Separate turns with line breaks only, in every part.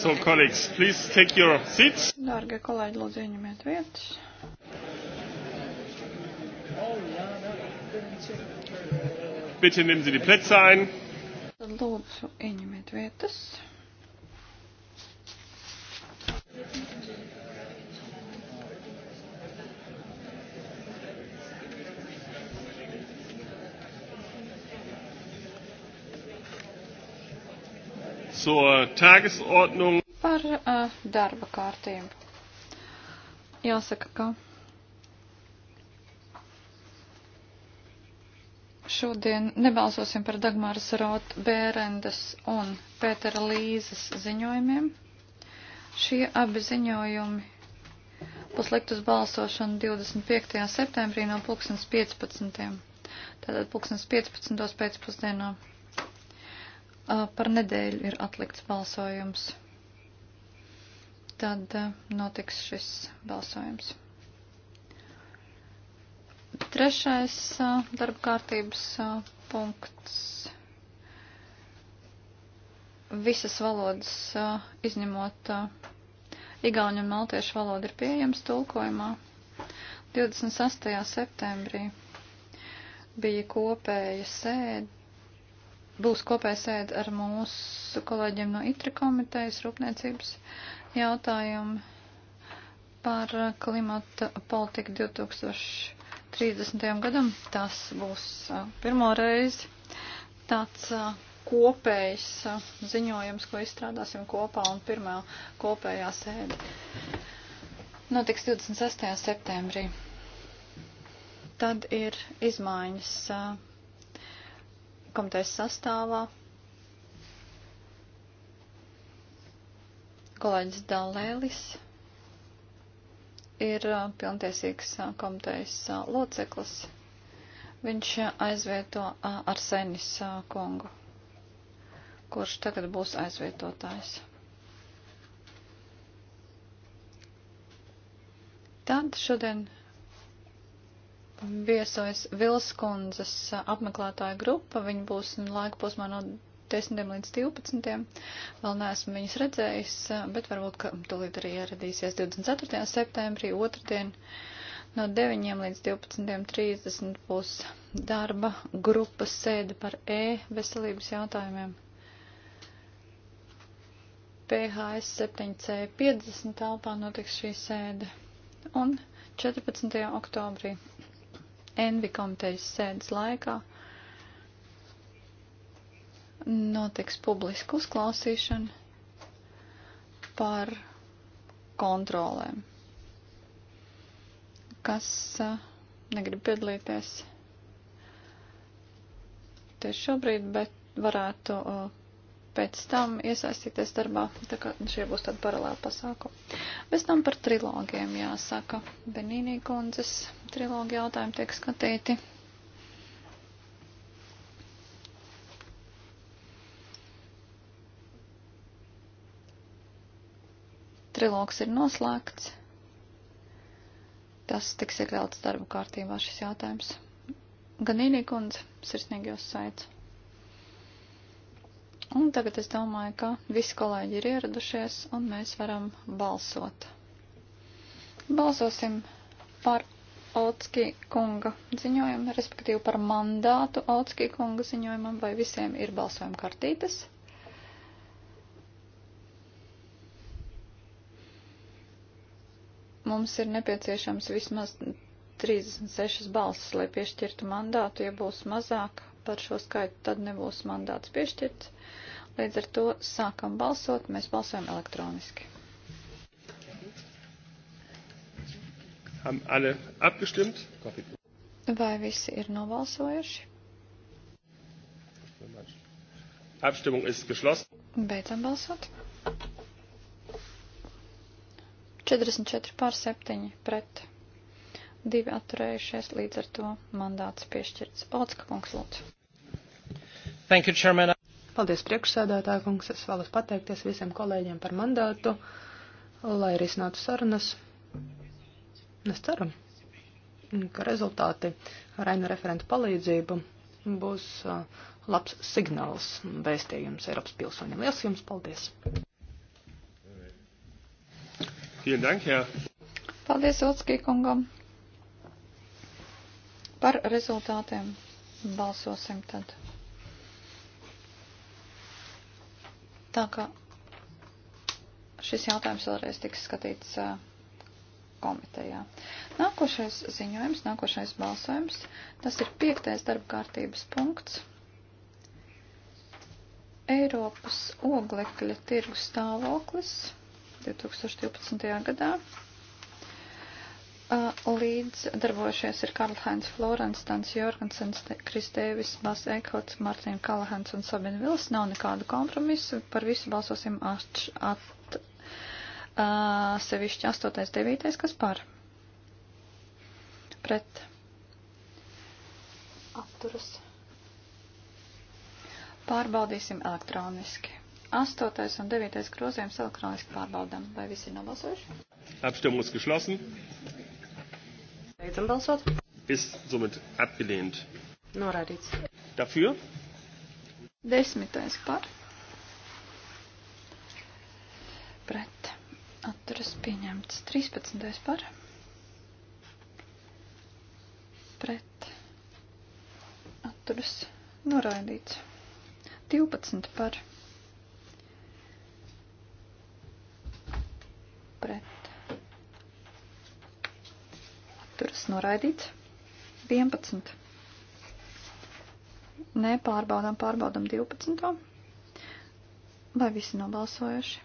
So, colleagues, please take your seats.
Dārgie kolēģi, lūdzu, ieņemiet vietas.
Bitte nehmen Sie die Plätze ein.
Lūdzu, ieņemiet vietas.
zur Tagesordnung. Par
uh, darba kārtību. Jāsaka, ka šodien nebalsosim par Dagmāras Rot Bērendas un Pētera Līzes ziņojumiem. Šie abi ziņojumi būs likt uz balsošanu 25. septembrī no 2015. Tātad 2015. pēcpusdienā par nedēļu ir atlikts balsojums. Tad notiks šis balsojums. Trešais darba kārtības punkts. Visas valodas izņemot igauņu un maltiešu valodu ir pieejams tulkojumā. 26. septembrī bija kopēja sēde būs kopēja sēde ar mūsu kolēģiem no ITRI komitejas rūpniecības jautājumu par klimata politiku 2030. gadam. Tas būs pirmo reizi tāds kopējs ziņojums, ko izstrādāsim kopā un pirmā kopējā sēde. Notiks 26. septembrī. Tad ir izmaiņas komitejas sastāvā kolēģis Dalēlis ir uh, pilntiesīgs uh, komitejas uh, loceklis. Viņš aizvieto Arsenis kungu, kurš tagad būs aizvietotājs. Tad šodien viesojas Vilskundzes apmeklētāja grupa. Viņa būs laika posmā no 10. līdz 12. Vēl neesmu viņas redzējis, bet varbūt, ka tūlīt arī ieradīsies 24. septembrī, otrdien. No 9 līdz 12.30 būs darba grupas sēde par e-veselības jautājumiem. PHS 7C 50 telpā notiks šī sēde. Un 14. oktobrī Envi komitejas sēdes laikā notiks publiska uzklausīšana par kontrolēm. Kas negrib piedalīties tieši šobrīd, bet varētu pēc tam iesaistīties darbā, tā kā šie būs tādi paralēli pasākumi. Bez tam par trilogiem jāsaka. Benīnī kundzes trilogi jautājumi tiek skatīti. Trilogs ir noslēgts. Tas tiks iekļauts darba kārtībā šis jautājums. Ganīnī kundze, sirsnīgi jūs sveicu. Un tagad es domāju, ka visi kolēģi ir ieradušies un mēs varam balsot. Balsosim par Otski kunga ziņojumu, respektīvi par mandātu Otski kunga ziņojumam, vai visiem ir balsojuma kartītes. Mums ir nepieciešams vismaz 36 balsis, lai piešķirtu mandātu, ja būs mazāk, par šo skaitu, tad nebūs mandāts piešķirts. Līdz ar to sākam balsot, mēs balsojam elektroniski. Vai visi ir nobalsojuši?
Abstimmung ist geschlossen.
Beidzam balsot. 44 pār 7 pret divi atturējušies, līdz ar to
mandāts piešķirts. Paldies, kungs, lūdzu.
Thank you, Chairman.
Paldies, priekšsēdētāja kungs. Es vēlos pateikties visiem kolēģiem par mandātu, lai risinātu sarunas. Es ceru, ka rezultāti ar ainu referentu palīdzību būs uh, labs signāls vēstījums Eiropas pilsoņiem. Liels jums paldies!
Vielen Dank, Herr.
Paldies, Otskī kungam! Par rezultātiem balsosim tad. Tā kā šis jautājums vēlreiz tiks skatīts komitejā. Nākošais ziņojums, nākošais balsojums, tas ir piektais darba kārtības punkts. Eiropas oglekļa tirgus stāvoklis 2012. gadā līdzdarbojušies ir Karlheinz Florence, Tans Jorgensens, Kristēvis, Bas Ekhots, Martin Kalahens un Sabina Vils. Nav nekādu kompromisu, par visu balsosim at, at uh, sevišķi 8. 9. kas par. Pret. Atturas. Pārbaudīsim elektroniski. 8. un 9. grozījums elektroniski pārbaudām. Vai visi ir nobalsojuši?
Abstimmung ist geschlossen.
Beidzam balsot.
Ist somit abgelehnt. Norādīts. Dafür?
Desmitais par. Pret. Atturas pieņemts. 13. par. Pret. Atturas noraidīts. 12 par. Pret atturas noraidīts. 11. Nē, pārbaudām, pārbaudām 12. Vai visi nobalsojuši?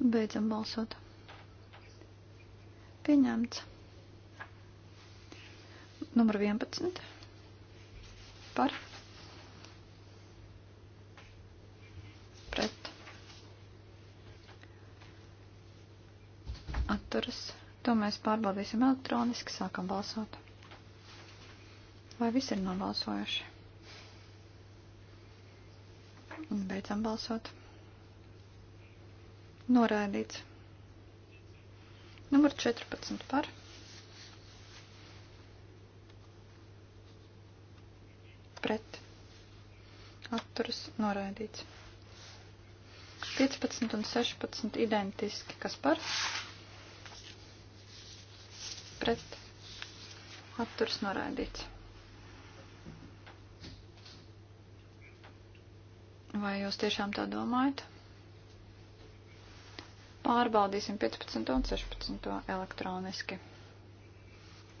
Beidzam balsot. Pieņemts. Numur 11. Par. Pret. Atturas. To mēs pārbaudīsim elektroniski, sākam balsot. Vai visi ir nobalsojuši? Un beidzam balsot. Noraidīts. Numur 14 par. Pret. Atturas noraidīts. 15 un 16 identiski, kas par? pret atturs noraidīts. Vai jūs tiešām tā domājat? Pārbaudīsim 15 un 16 elektroniski.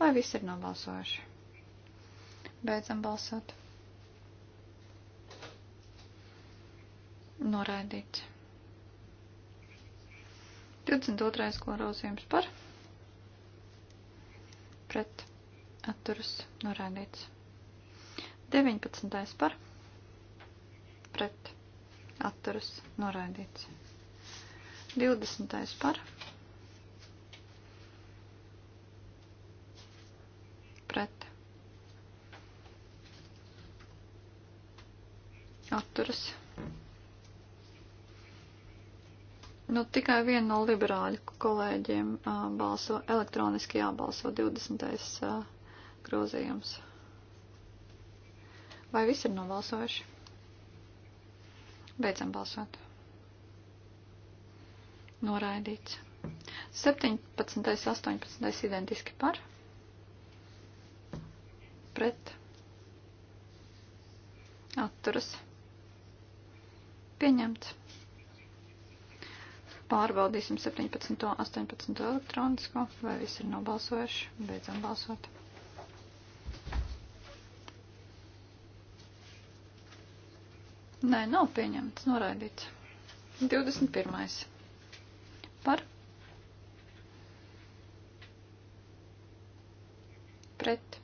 Vai viss ir nobalsojuši? Beidzam balsot. Noraidīts. 22. grozījums par pret atturas norādīts. 19. par pret atturas norādīts. 20. par pret atturas norādīts. Nu, tikai viena no liberāļu kolēģiem uh, balso, elektroniski jābalso 20. Uh, grozījums. Vai visi ir nobalsojuši? Beidzam balsot. Noraidīts. 17. 18. identiski par. Pret. Atturas. Pieņemts. Pārbaudīsim 17. 18. elektronisko, vai viss ir nobalsojuši. Beidzam balsot. Nē, nav pieņemts, noraidīts. 21. Par. Pret.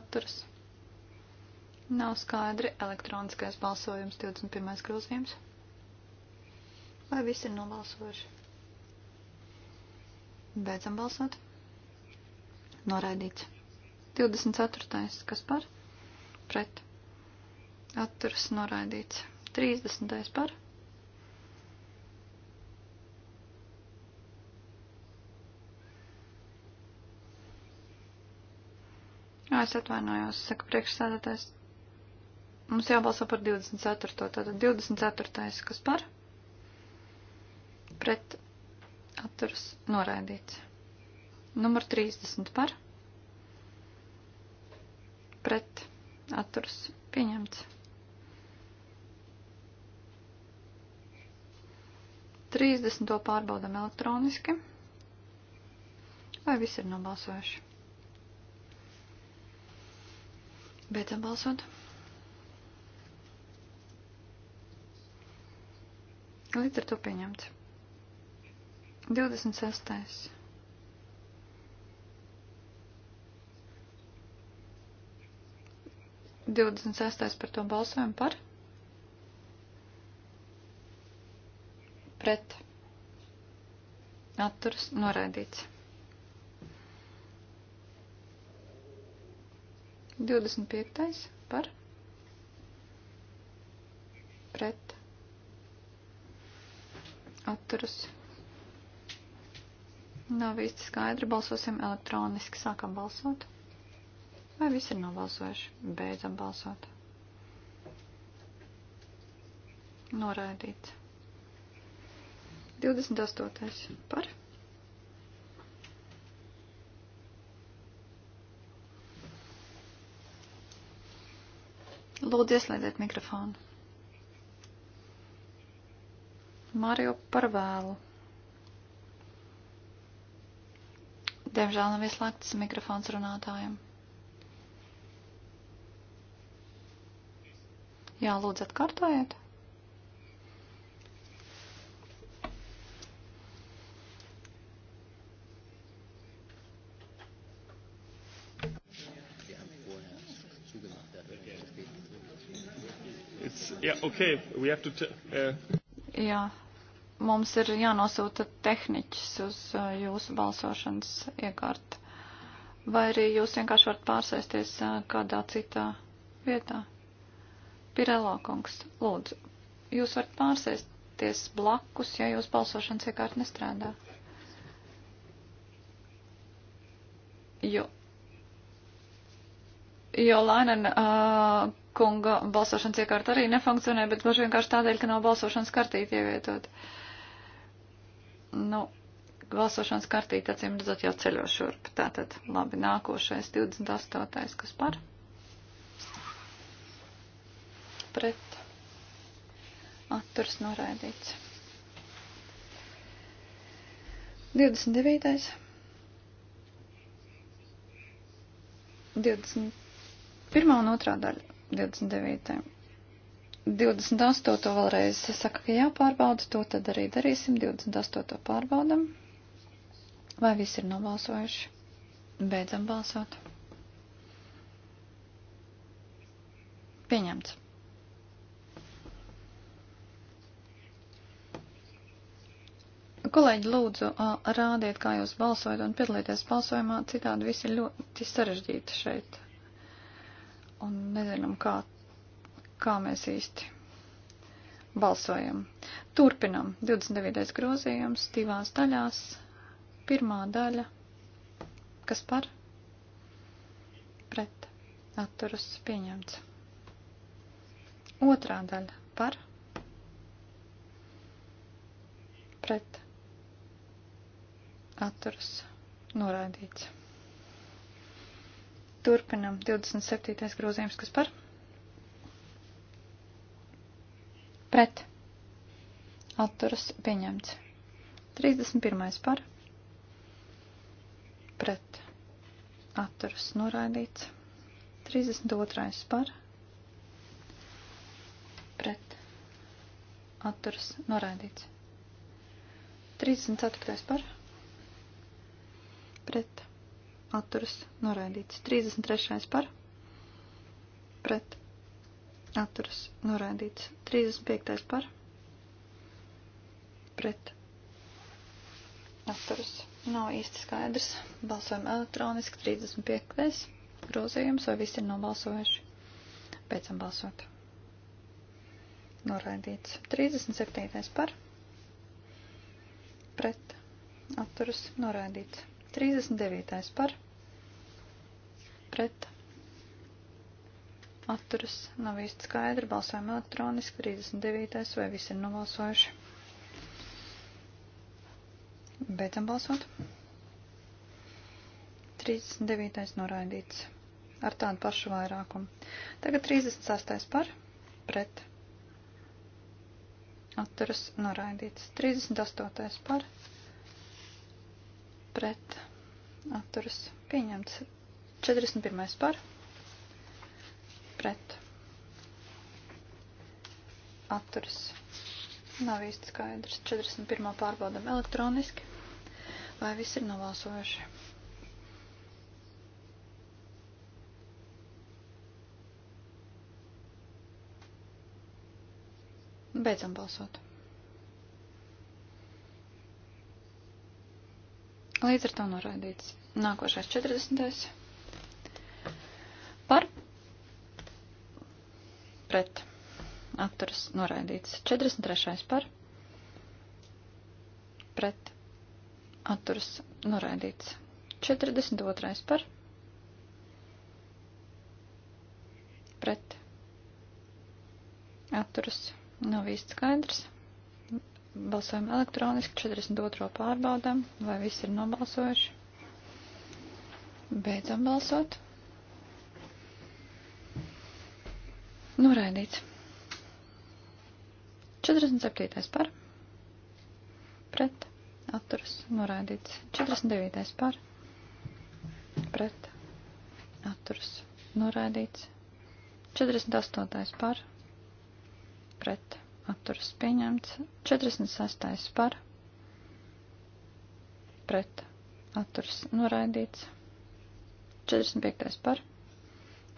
Atturs. Nav skaidri elektroniskais balsojums 21. grozījums. Vai visi ir nobalsojuši? Beidzam balsot. Noraidīts. 24. Kas par? Pret. Atturs noraidīts. 30. par. Jā, es atvainojos, saka priekšsēdētājs. Mums jābalso par 24. Tātad 24. kas par? pret atturas noraidīts. Numur 30 par pret atturas pieņemts. 30. pārbaudam elektroniski. Vai visi ir nobalsojuši? Beidzam balsot. Līdz ar to pieņemts. 26. Divdesmit sestais par to balsojumu par. Pret. Atturs noraidīts. 25. par pret atturas Nav īsti skaidri. Balsosim elektroniski. Sākam balsot. Vai viss ir nobalsojuši? Beidzam balsot. Noraidīts. 28. par. Lūdzu, ieslēdziet mikrofonu. Mario par vēlu. Diemžēl nav ieslēgts mikrofons runātājiem. Jā, lūdzu, atkārtojiet.
It's, yeah, okay. We have to. Uh...
Yeah mums ir jānosūta tehniķis uz eh, jūsu balsošanas iekārti. Vai arī jūs vienkārši varat pārsēsties eh, kādā citā vietā? Pirelā kungs, lūdzu, jūs varat pārsēsties blakus, ja jūs balsošanas iekārti nestrādā. Jo, jo Lainen uh, kunga balsošanas iekārta arī nefunkcionē, bet gluži vienkārši tādēļ, ka nav balsošanas kartīti ievietot. Uh, nu, balsošanas kartīte, acīm redzot, jau ceļo šurp. Tātad, labi, nākošais 28. kas par? Pret. Atturs noraidīts. 29. 21. un 2. daļa 29. 28. vēlreiz saka, ka jāpārbauda, to tad arī darīsim. 28. pārbaudam. Vai visi ir nobalsojuši? Beidzam balsot. Pieņemts. Kolēģi, lūdzu, rādiet, kā jūs balsojat un piedalieties balsojumā, citādi viss ir ļoti sarežģīti šeit. Un nezinām, kā kā mēs īsti balsojam. Turpinam. 29. grozījums divās daļās. Pirmā daļa. Kas par? Pret. Atturas pieņemts. Otrā daļa. Par? Pret. Atturas noraidīts. Turpinam. 27. grozījums. Kas par? Pret pret atturas pieņemts. 31. par pret atturas noraidīts. 32. par pret atturas noraidīts. 34. par pret atturas noraidīts. 33. par pret atturas noraidīts. 35. par pret atturas nav īsti skaidrs. Balsojam elektroniski 35. grozījums, vai visi ir nobalsojuši. Beidzam balsot. Noraidīts. 37. par pret atturas noraidīts. 39. par pret atturas nav īsti skaidri. Balsojam elektroniski. 39. vai visi ir nobalsojuši? Beidzam balsot. 39. noraidīts ar tādu pašu vairākumu. Tagad 36. par pret atturas noraidīts. 38. par pret atturas pieņemts. 41. par pret pret atturas. Nav īsti skaidrs. 41. pārbaudam elektroniski. Vai viss ir novalsojuši? Beidzam balsot. Līdz ar to noraidīts. Nākošais 40. pret atturas noraidīts. 43. par pret atturas noraidīts. 42. par pret atturas nav īsti skaidrs. Balsojam elektroniski, 42. pārbaudām, vai visi ir nobalsojuši. Beidzam balsot. Noraidīts. 47. par. Pret. Atturas. Noraidīts. 49. par. Pret. Atturas. Noraidīts. 48. par. Pret. Atturas pieņemts. 46. par. Pret. Atturas noraidīts. 45. par.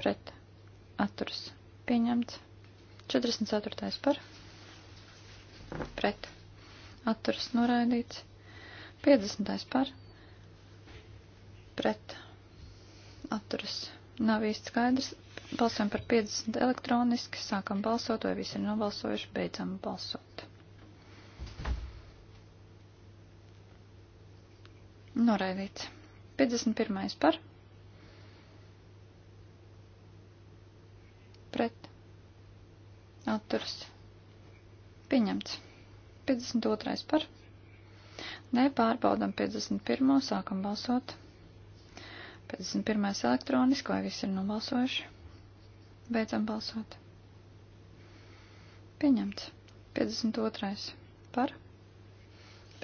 Pret. Atturas Pieņemts. 44. par. Pret. Atturas noraidīts. 50. par. Pret. Atturas. Nav īsti skaidrs. Balsojam par 50 elektroniski. Sākam balsot, vai visi ir nobalsojuši. Beidzam balsot. Noraidīts. 51. par pret atturas pieņemts. 52. par. Nē, pārbaudam 51. sākam balsot. 51. elektroniski, vai visi ir nobalsojuši? Beidzam balsot. Pieņemts. 52. par.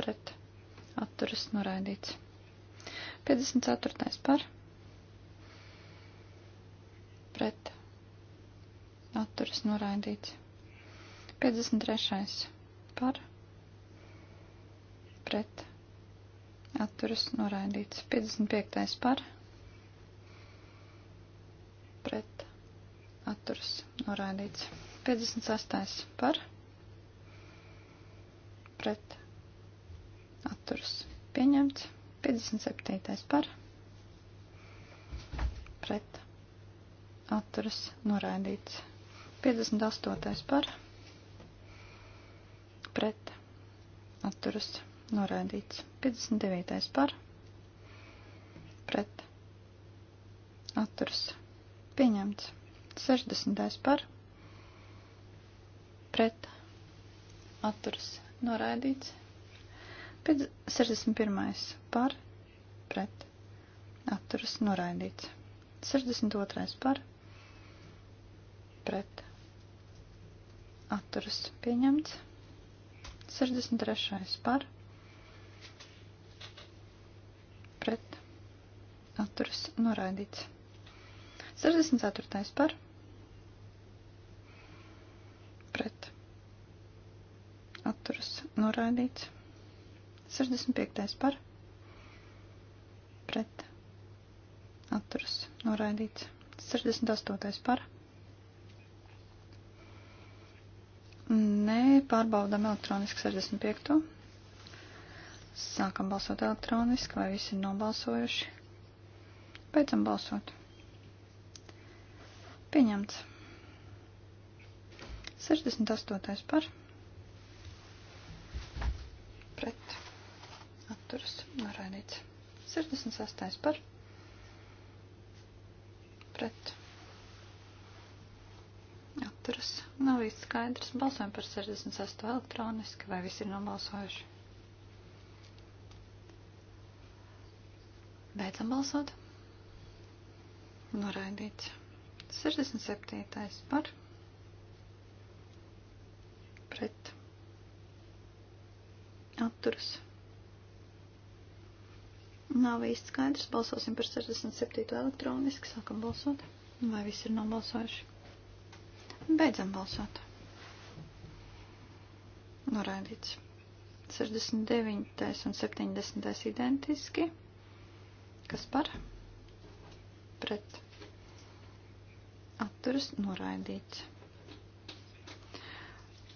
Pret. Atturas noraidīts. 54. par. Pret atturas noraidīts. 53. par pret atturas noraidīts. 55. par pret atturas noraidīts. 56. par pret atturas pieņemts. 57. par pret atturas noraidīts. 58. par pret atturas noraidīts. 59. par pret atturas pieņemts. 60. par pret atturas noraidīts. 61. par pret atturas noraidīts. 62. par pret atturas pieņemts. 63. par pret atturas noraidīts. 64. par pret atturas noraidīts. 65. par pret atturas noraidīts. 68. par pret Nē, pārbaudām elektroniski 65. Sākam balsot elektroniski, vai visi ir nobalsojuši. Beidzam balsot. Pieņemts. 68. par. Pret. Atturas. Noraidīts. 68. par. Pret Nav viss skaidrs. Balsojam par 68 elektroniski, vai visi ir nobalsojuši? Beidzam balsot. Noraidīts. 67. par. Pret. Atturas. Nav īsti skaidrs. Balsosim par 67. elektroniski. Sākam balsot. Vai visi ir nobalsojuši? Beidzam balsot. Noraidīts. 69. un 70. identiski. Kas par? Pret. Atturas noraidīts.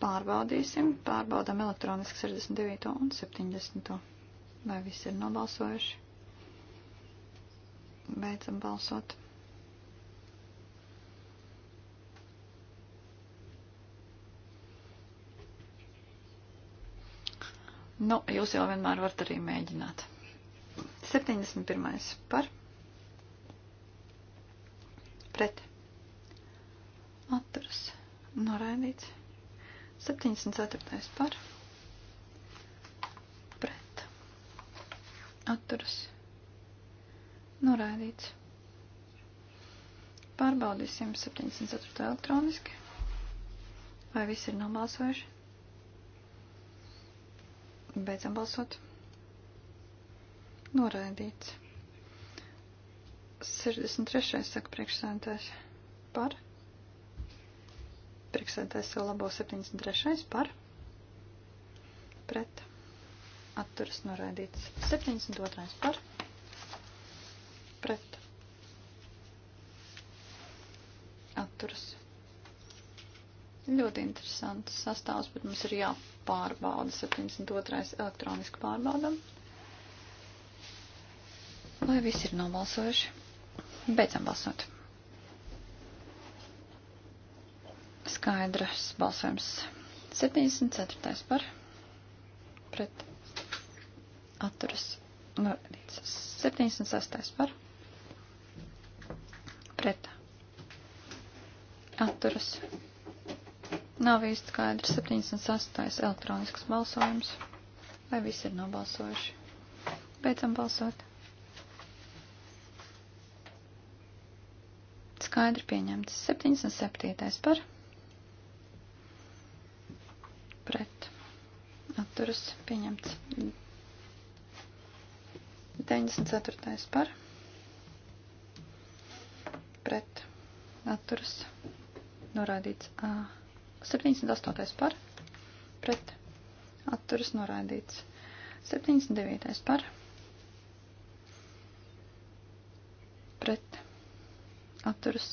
Pārbaudīsim. Pārbaudām elektroniski 69. un 70. Vai visi ir nobalsojuši? Beidzam balsot. Nu, jūs jau vienmēr varat arī mēģināt. 71. par. Pret. Atturas. Noraidīts. 74. par. Pret. Atturas. Noraidīts. Pārbaudīsim 74. elektroniski. Vai visi ir nobalsojuši? Beidzam balsot. Noraidīts. 63. saka priekšsēdētājs par. Priekšsēdētājs jau labo 73. par. Pret. Atturas noraidīts. 72. par. Pret. Atturas noraidīts Ļoti interesants sastāvs, bet mums ir jāpārbauda 72. elektroniski pārbaudam. Vai visi ir nobalsojuši? Beidzam balsot. Skaidrs balsojums. 74. par pret atturas norādīts. Nu, 76. par pret atturas norādīts Nav īsti skaidrs. 78. elektronisks balsojums. Vai visi ir nobalsojuši? Beidzam balsot. Skaidri pieņemts. 77. par. Pret. Atturas pieņemts. 94. par. Pret. Atturas. Norādīts. A. 78. par pret atturas noraidīts. 79. par pret atturas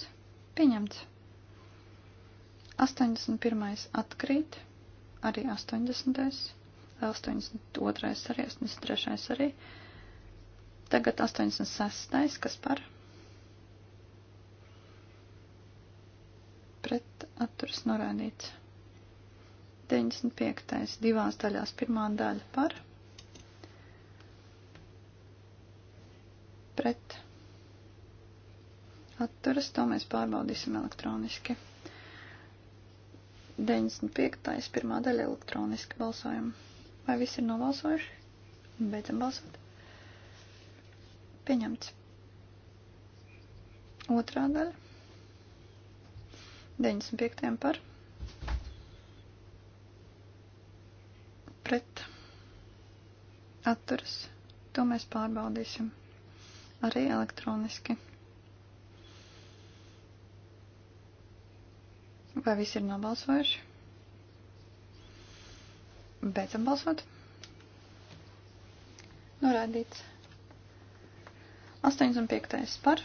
pieņemts. 81. atkrīt, arī 80. 82. arī 83. arī. Tagad 86. kas par pret atturas norādīts. 95. divās daļās pirmā daļa par pret atturas, to mēs pārbaudīsim elektroniski. 95. pirmā daļa elektroniski balsojam. Vai visi ir nobalsojuši? Beidzam balsot. Pieņemts. Otrā daļa 95. par pret atturas. To mēs pārbaudīsim arī elektroniski. Vai visi ir nobalsojuši? Beidzam balsot. Norādīts. 85. par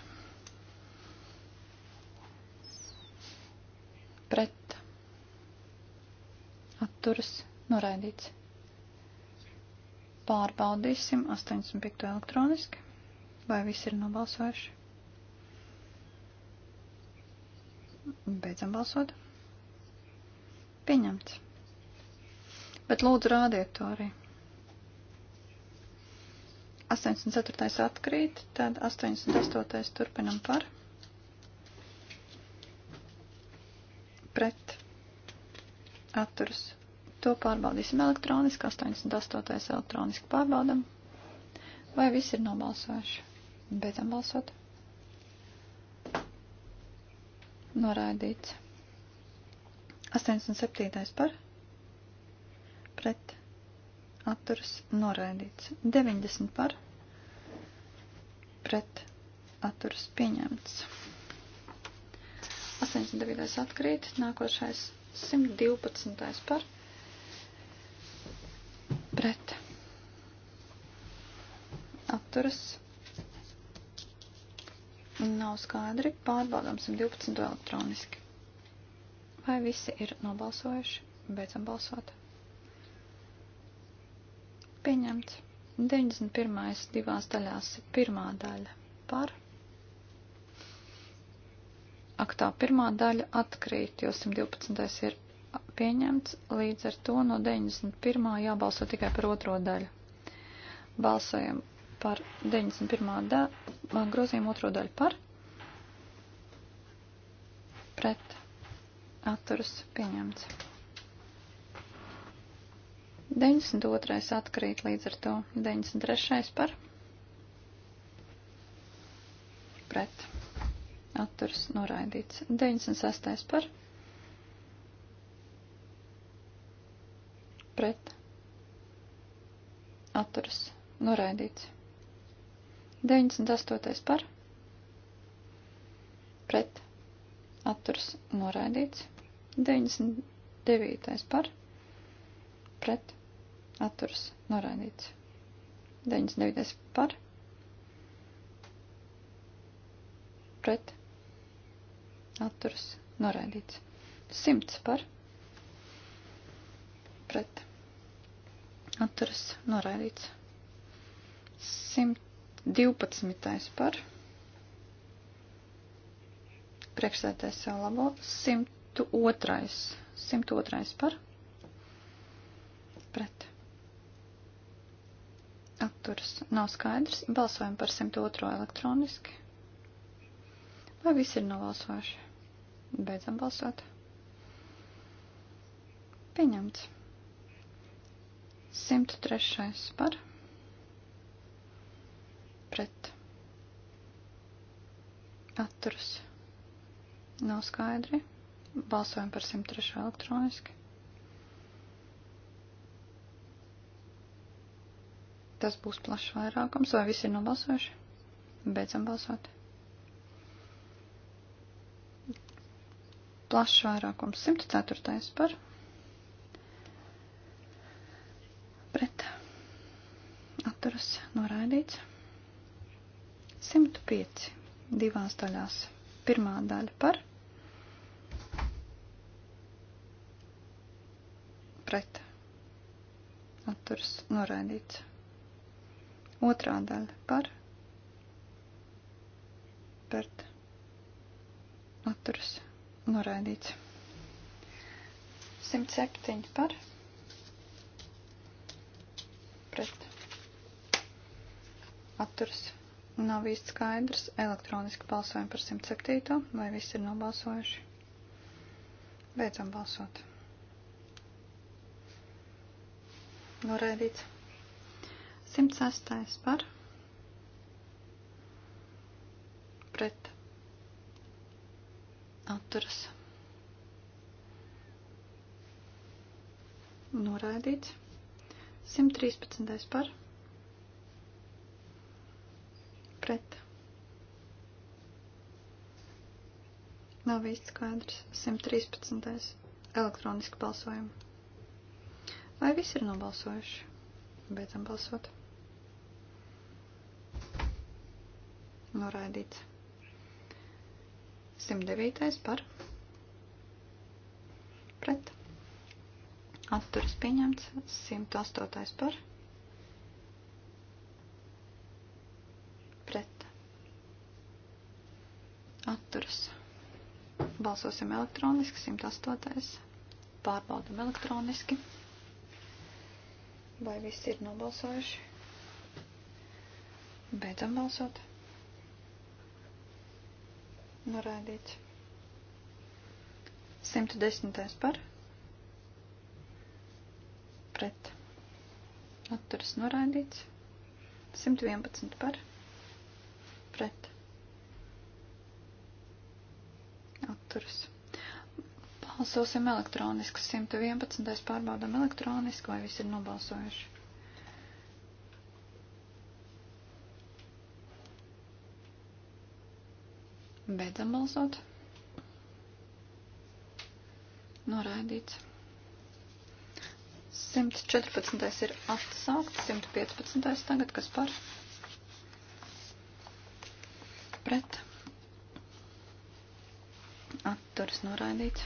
atturas noraidīts. Pārbaudīsim 85. elektroniski. Vai visi ir nobalsojuši? Beidzam balsot. Pieņemts. Bet lūdzu rādiet to arī. 84. atkrīt, tad 88. turpinam par. Pret. Atturs To pārbaudīsim elektroniski. 88. elektroniski pārbaudam. Vai viss ir nobalsojuši? Beidzam balsot. Noraidīts. 87. par. Pret. Atturas. Noraidīts. 90 par. Pret. Atturas. Pieņemts. 89. atkrīt. Nākošais 112. par pret atturas nav skaidri. Pārbaudām 112 elektroniski. Vai visi ir nobalsojuši? Beidzam balsot. Pieņemts. 91. divās daļās pirmā daļa par. Ak tā, pirmā daļa atkrīt, jo 112. ir pieņemts, līdz ar to no 91. jābalso tikai par otro daļu. Balsojam par 91. Da, grozījumu otro daļu par, pret, atturas pieņemts. 92. atkrīt līdz ar to 93. par, pret, atturas noraidīts. 96. par, pret pret atturas noraidīts. 98. par pret atturas noraidīts. 99. par pret atturas noraidīts. 99. par pret atturas noraidīts. 100 par pret atturas noraidīts. 112. par priekšsēdētājs jau labo 102. 102. par pret atturas nav skaidrs. Balsojam par 102. elektroniski. Vai visi ir novalsojuši? Beidzam balsot. Pieņemts. 103. par pret atturas nav skaidri. Balsojam par 103. elektroniski. Tas būs plašs vairākums, vai visi ir nobalsojuši? Beidzam balsot. Plašs vairākums 104. par pret noraidīts. 105 divās daļās. Pirmā daļa par pret atturs noraidīts. Otrā daļa par pret atturs noraidīts. 107 par pret atturs nav īsti skaidrs. Elektroniski balsojam par 107. Vai viss ir nobalsojuši? Beidzam balsot. Noraidīts. 106. par. Pret. Atturas. Noraidīts. 113. par pret. Nav īsti skaidrs. 113. Elektroniski balsojam. Vai visi ir nobalsojuši? Beidzam balsot. Noraidīts. 109. par. Pret. Atturas pieņemts. 108. par. Balsosim elektroniski. 108. Pārbaudam elektroniski. Vai visi ir nobalsojuši? Beidzam balsot. Norādīts. 110. par. Pret. Atturas norādīts. 111 par. Pret atturas. Balsosim elektroniski. 111. pārbaudam elektroniski, vai visi ir nobalsojuši. Beidzam balsot. Noraidīts. 114. ir atsaukt, 115. tagad, kas par? Pret atturas noraidīts.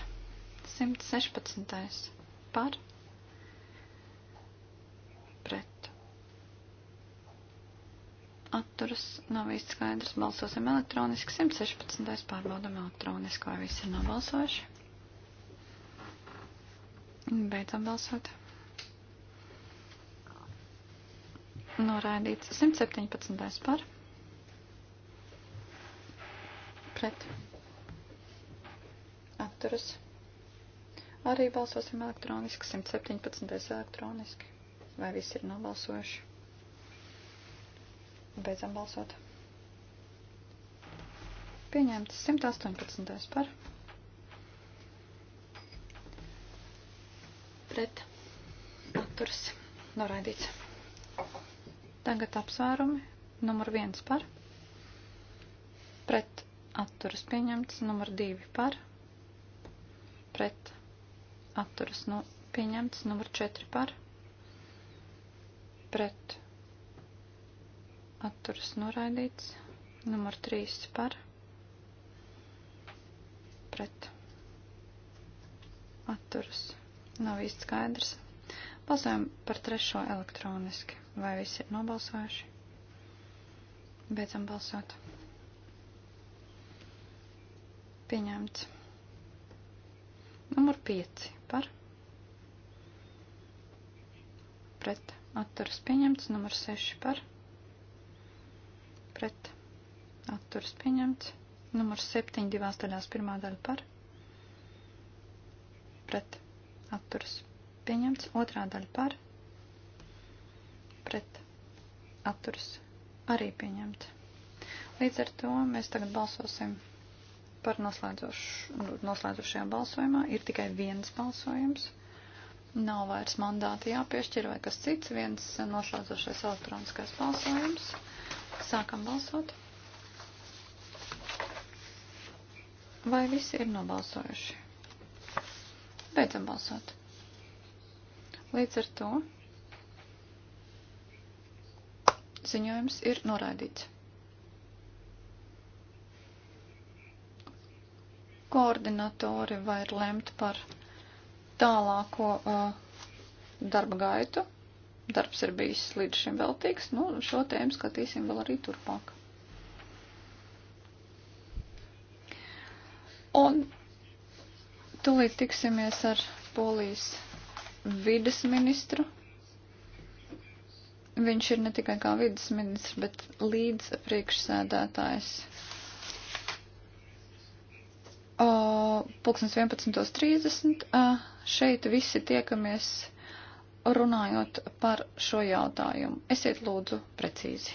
116. par pret. Atturas nav īsti skaidrs. Balsosim elektroniski. 116. pārbaudam elektroniski, vai visi ir nobalsojuši. Beidzam balsot. Noraidīts 117. par pret atturas. Arī balsosim elektroniski, 117. elektroniski. Vai visi ir nobalsojuši? Beidzam balsot. Pieņemts 118. par. Pret. Atturas. Noraidīts. Tagad apsvērumi. Numur 1 par. Pret. Atturas pieņemts. Numur 2 par pret atturas no nu, pieņemts, numur 4 par pret atturas noraidīts, numur 3 par pret atturas nav īsti skaidrs. Balsojam par trešo elektroniski. Vai visi ir nobalsojuši? Beidzam balsot. Pieņemts. Numur 5 par pret atturas pieņemts. Numur 6 par pret atturas pieņemts. Numur 7 divās daļās pirmā daļa par pret atturas pieņemts. Otrā daļa par pret atturas arī pieņemts. Līdz ar to mēs tagad balsosim par noslēdzoš, nu, noslēdzošajā balsojumā. Ir tikai viens balsojums. Nav vairs mandāti jāpiešķir vai kas cits. Viens noslēdzošais elektroniskais balsojums. Sākam balsot. Vai visi ir nobalsojuši? Beidzam balsot. Līdz ar to ziņojums ir noraidīts. koordinatori var lemt par tālāko uh, darba gaitu. Darbs ir bijis līdz šim veltīgs. Nu, šo tēmu skatīsim vēl arī turpmāk. Un tūlīt tiksimies ar polijas vides ministru. Viņš ir ne tikai kā vides ministrs, bet līdz priekšsēdētājs pulkstens 11.30. Šeit visi tiekamies runājot par šo jautājumu. Esiet lūdzu precīzi.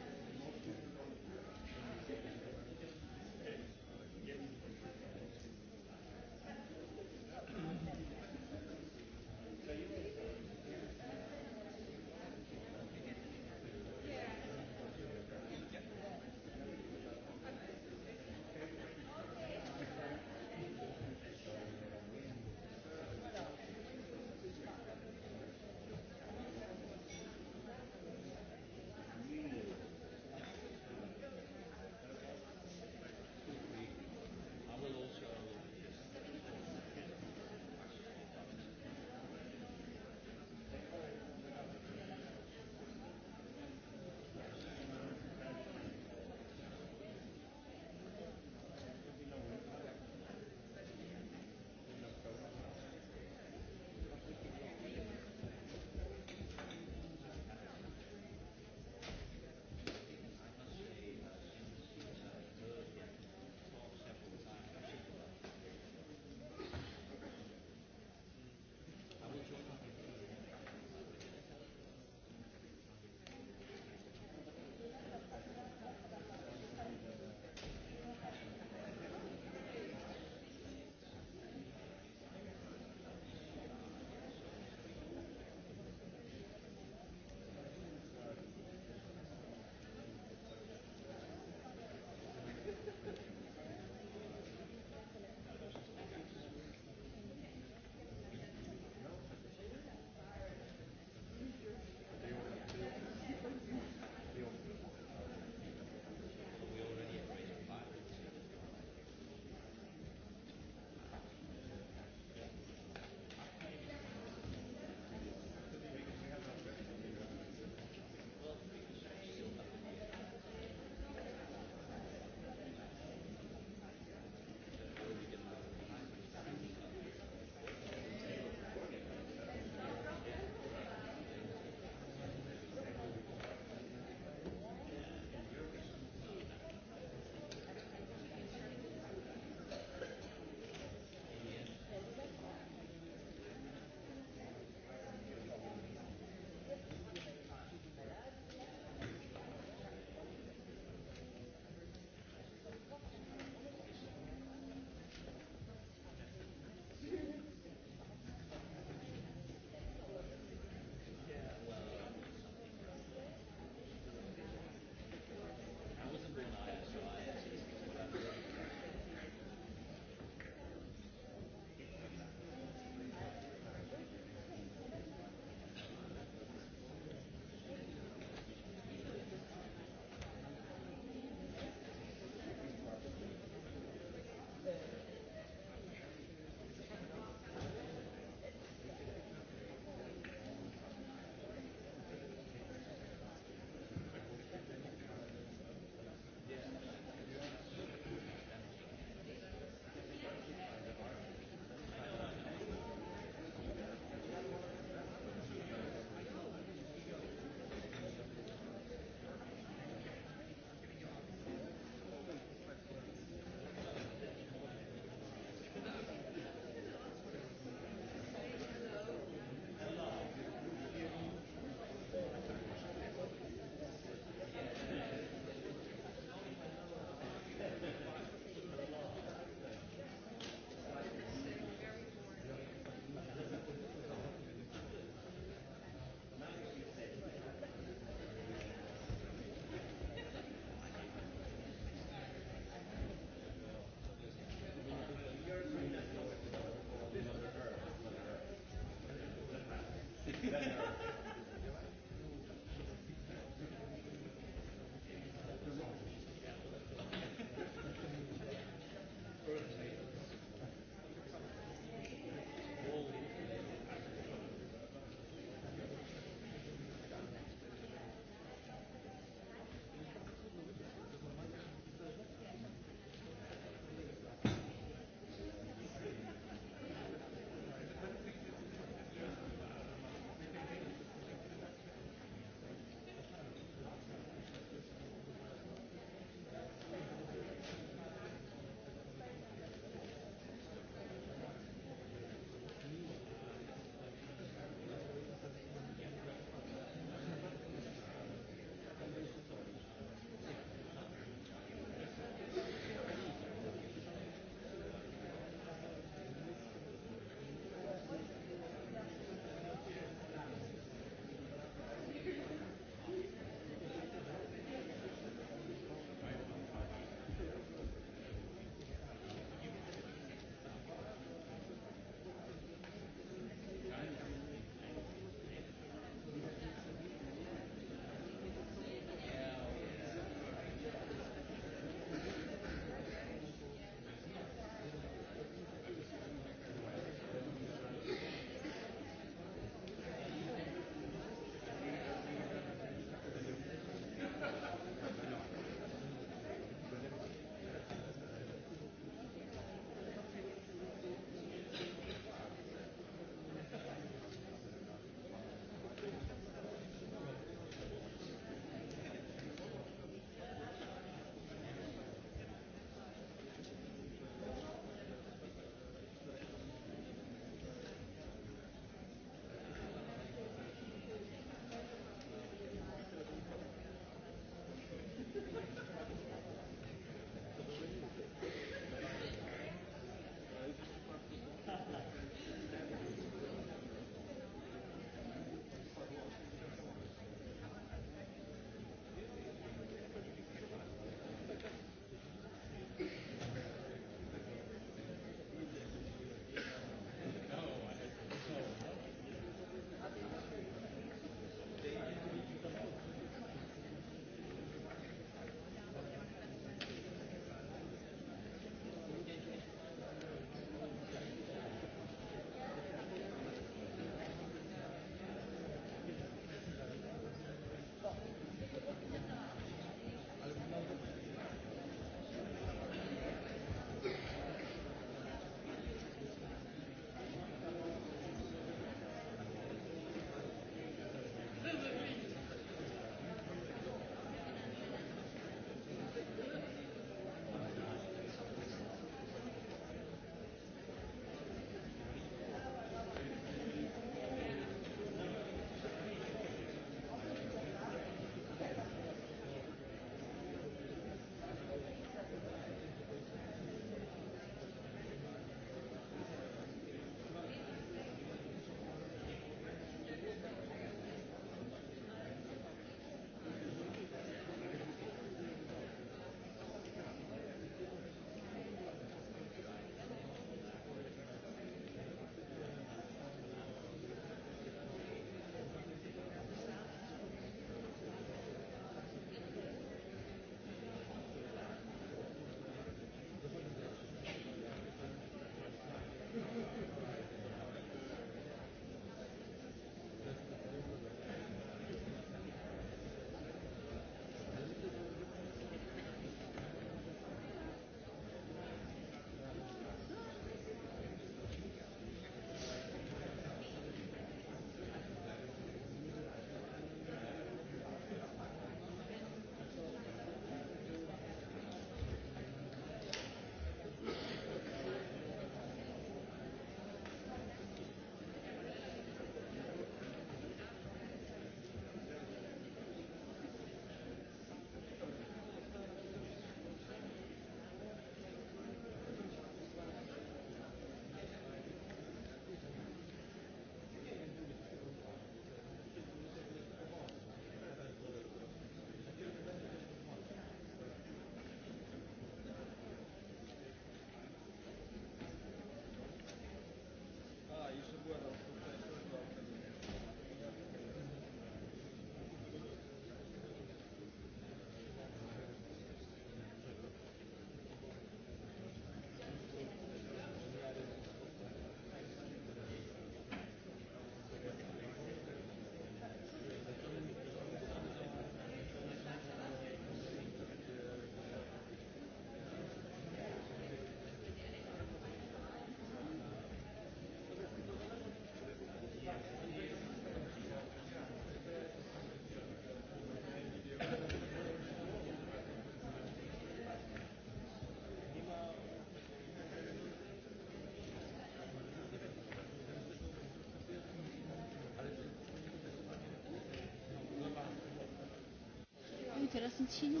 doesn't she know?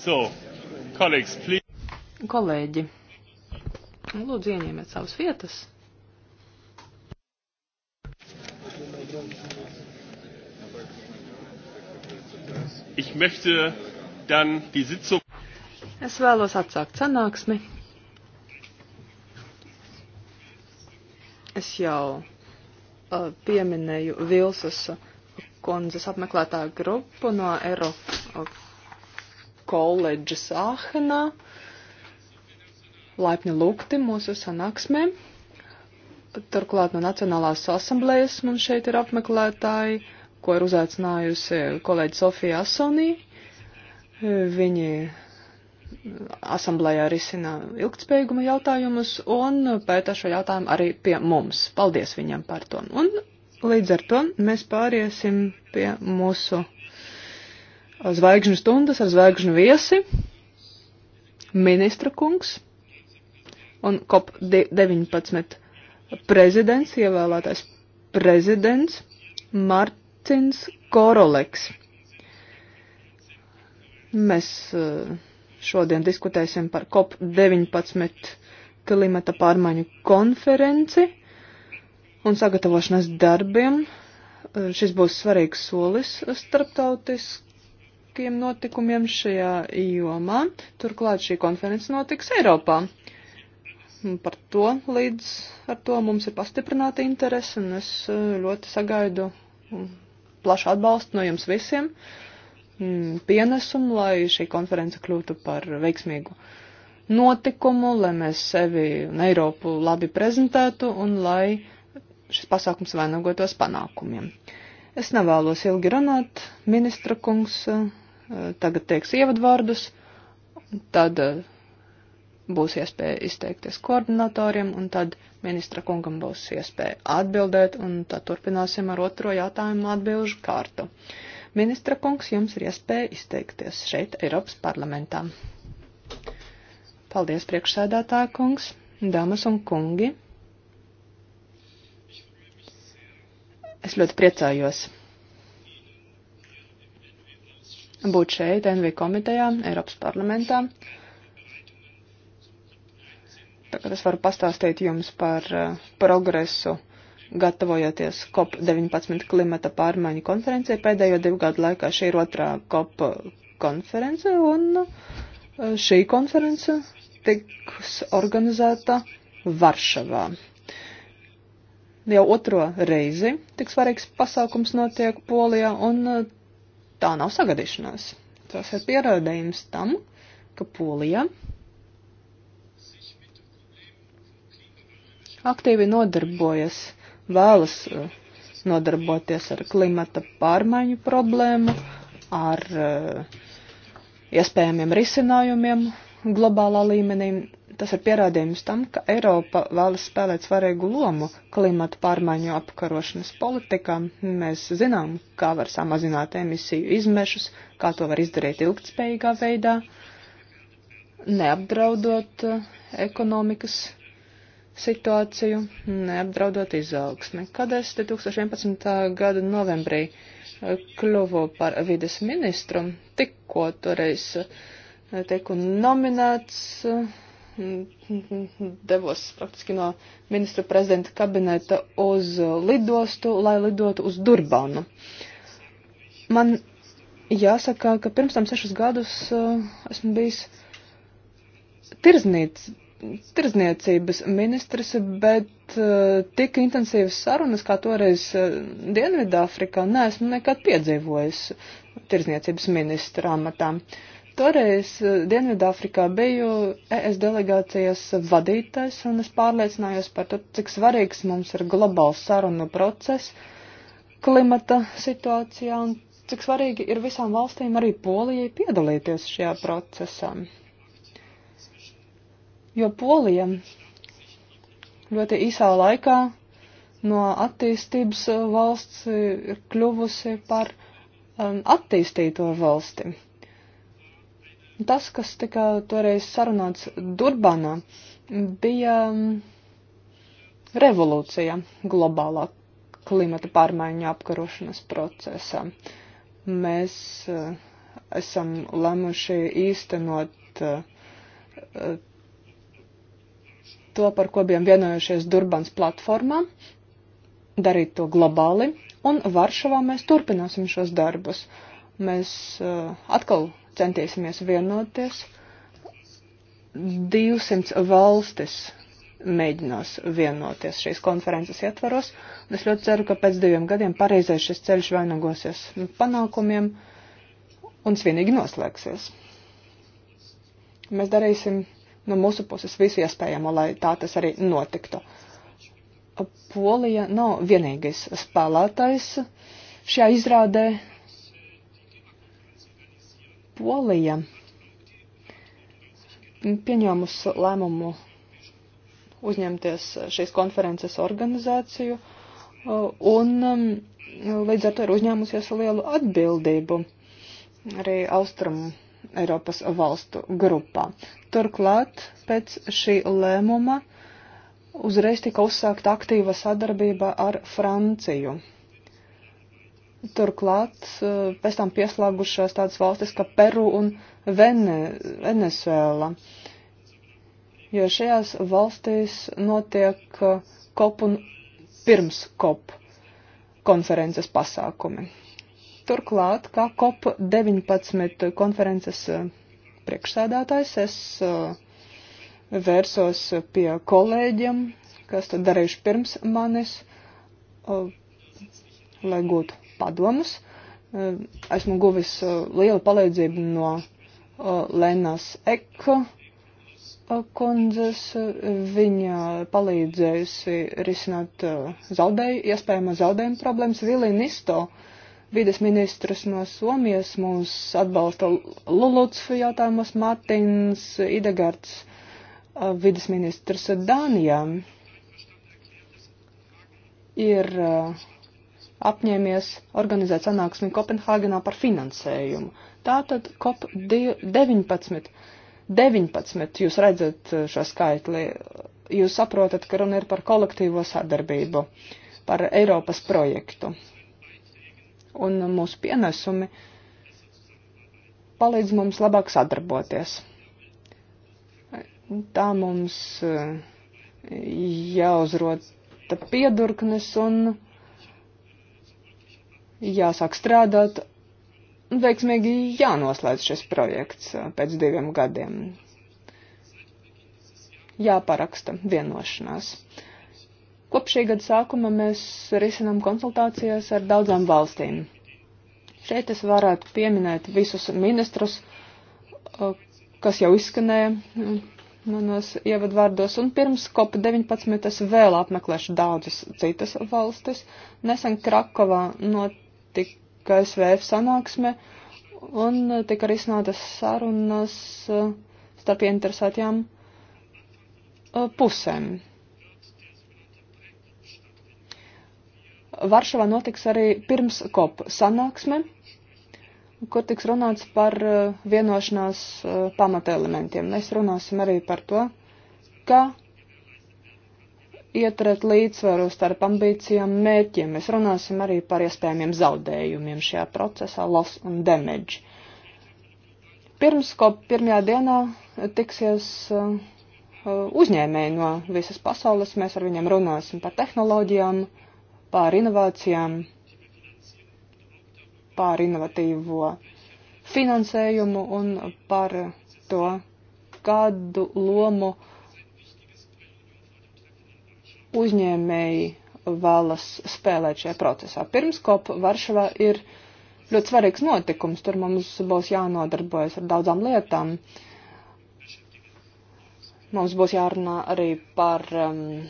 So, colleagues, please.
Kolēģi, lūdzu ieņemiet savas vietas.
Ich möchte dann die Sitzung.
Es vēlos atsākt sanāksmi. Es jau uh, pieminēju Vilsas kundzes apmeklētā grupu no Eiropas koledžas Āhenā. Laipni lūgti mūsu sanāksmē. Turklāt no Nacionālās asamblējas man šeit ir apmeklētāji, ko ir uzaicinājusi kolēģi Sofija Asonī. Viņi asamblējā risina ilgtspējīguma jautājumus un pēta šo jautājumu arī pie mums. Paldies viņam par to. Un līdz ar to mēs pāriesim pie mūsu zvaigžņu stundas ar zvaigžņu viesi, ministra kungs un COP19 prezidents, ievēlētais prezidents Marcins Koroleks. Mēs eh, šodien diskutēsim par COP19 klimata pārmaiņu konferenci un sagatavošanās darbiem. Eh, šis būs svarīgs solis starptautiski būtiskajiem notikumiem šajā jomā. Turklāt šī konference notiks Eiropā. Un par to līdz ar to mums ir pastiprināta interese, un es e, ļoti sagaidu mm, plašu atbalstu no jums visiem mm, pienesumu, lai šī konference kļūtu par veiksmīgu notikumu, lai mēs sevi un Eiropu labi prezentētu un lai šis pasākums vainagotos panākumiem. Es nevēlos ilgi runāt, ministra kungs, e, tagad teiks ievadvārdus, tad eh, būs iespēja izteikties koordinatoriem, un tad ministra kungam būs iespēja atbildēt, un tad turpināsim ar otro jautājumu atbilžu kārtu. Ministra kungs, jums ir iespēja izteikties šeit, Eiropas parlamentā. Paldies, priekšsēdētāja kungs, dāmas un kungi. Es ļoti priecājos būt šeit, NV komitejā, Eiropas parlamentā. Tagad es varu pastāstīt jums par eh, progresu, gatavojoties COP19 klimata pārmaiņu konferencijai. Pēdējo divu gadu laikā šī ir otrā COP konference, un eh, šī konference tiks organizēta Varšavā. Jau otro reizi tik svarīgs pasākums notiek Polijā, un eh, Tā nav sagadīšanās. Tas ir pierādījums tam, ka Polija aktīvi nodarbojas, vēlas eh, nodarboties ar klimata pārmaiņu problēmu, ar eh, iespējamiem risinājumiem globālā līmenī. Tas ir pierādījums tam, ka Eiropa vēlas spēlēt svarīgu lomu klimata pārmaiņu apkarošanas politikā. Mēs zinām, kā var samazināt emisiju izmešus, kā to var izdarīt ilgtspējīgā veidā, neapdraudot eh, ekonomikas situāciju, neapdraudot izaugsmi. Kad es 2011. gada novembrī eh, kļuvu par vides ministru, tikko toreiz eh, tiku nominēts devos praktiski no ministra prezidenta kabineta uz lidostu, lai lidotu uz Durbanu. Man jāsaka, ka pirms tam sešus gadus eh, esmu bijis tirzniec, tirzniecības ministrs, bet eh, tik intensīvas sarunas kā toreiz eh, Dienvidāfrikā neesmu nekad piedzīvojis tirzniecības ministra amatām. Uh, Toreiz eh, Dienvidāfrikā biju ES delegācijas vadītājs, un es pārliecinājos par to, cik svarīgs mums ir globāls saruna process klimata situācijā, un cik svarīgi ir visām valstīm, arī Polijai, piedalīties šajā procesā. Jo Polija ļoti īsā laikā no attīstības valsts ir kļuvusi par um, attīstīto valsti Tas, kas tika toreiz sarunāts Durbanā, bija mm, revolūcija globālā klimata pārmaiņu apkarošanas procesā. Mēs eh, esam lemuši īstenot eh, to, par ko bijām vienojušies Durbans platformā, darīt to globāli, un Varšavā mēs turpināsim šos darbus. Mēs eh, atkal centīsimies vienoties. 200 valstis mēģinās vienoties šīs konferences ietvaros. Es ļoti ceru, ka pēc diviem gadiem Parīzē šis ceļš vainagosies panākumiem un svinīgi noslēgsies. Mēs darīsim no mūsu puses visu iespējamo, lai tā tas arī notiktu. Polija nav vienīgais spēlētājs šajā izrādē Polija pieņēmusi lēmumu uzņemties šīs konferences organizāciju uh, un um, līdz ar to ir uzņēmusies lielu atbildību arī Austrumu Eiropas valstu grupā. Turklāt pēc šī lēmuma uzreiz tika uzsākta aktīva sadarbība ar Franciju. Turklāt eh, pēc tam pieslēgušās tādas valstis kā Peru un Vene, Venezuela, jo šajās valstīs notiek eh, kop un pirms kop konferences pasākumi. Turklāt, kā kop 19 konferences eh, priekšsēdētājs, es vērsos pie kolēģiem, kas to darījuši pirms manis, lai gūtu padomus. Eh, esmu guvis eh, lielu palīdzību no eh, Lenas Eko kundzes. Viņa palīdzējusi risināt zaudēju, iespējama zaudējuma problēmas. Vili Nisto, vides ministrs no Somijas, mūs atbalsta Lulucu jautājumos Martins Idegards, vides ministrs Dānijā. Ir uh, apņēmies organizēt sanāksmi Kopenhāgenā par finansējumu. Tātad COP19, 19, jūs redzat eh, šo skaitli, jūs saprotat, ka runa ir par kolektīvo sadarbību, par Eiropas projektu. Un mūsu pienesumi palīdz mums labāk sadarboties. Tā mums eh, jāuzrota piedurknes un jāsāk strādāt un veiksmīgi jānoslēdz šis projekts uh, pēc diviem gadiem. Jāparaksta vienošanās. Kopš šī gada sākuma mēs risinām konsultācijas ar daudzām valstīm. Šeit es varētu pieminēt visus ministrus, uh, kas jau izskanēja mm, manos ievadvārdos, un pirms COP19 es vēl apmeklēšu daudzas citas valstis. Nesen Krakovā not tika SVF sanāksme un tika arī snātas sarunas uh, starp interesētajām uh, pusēm. Varšavā notiks arī pirms kop sanāksme, kur tiks runāts par uh, vienošanās pamatelementiem. Mēs runāsim arī par to, ka ieturēt līdzsvaru starp ambīcijām un mērķiem. Mēs runāsim arī par iespējamiem zaudējumiem šajā procesā, loss un damage. Pirms, ko pirmajā dienā tiksies uh, uzņēmēji no visas pasaules, mēs ar viņiem runāsim par tehnoloģijām, par inovācijām, par inovatīvo finansējumu un par to, kādu lomu uh, uzņēmēji vēlas spēlēt šajā procesā. Pirms kopa Varšavā ir ļoti svarīgs notikums, tur mums būs jānodarbojas ar daudzām lietām. Mums būs jārunā arī par um,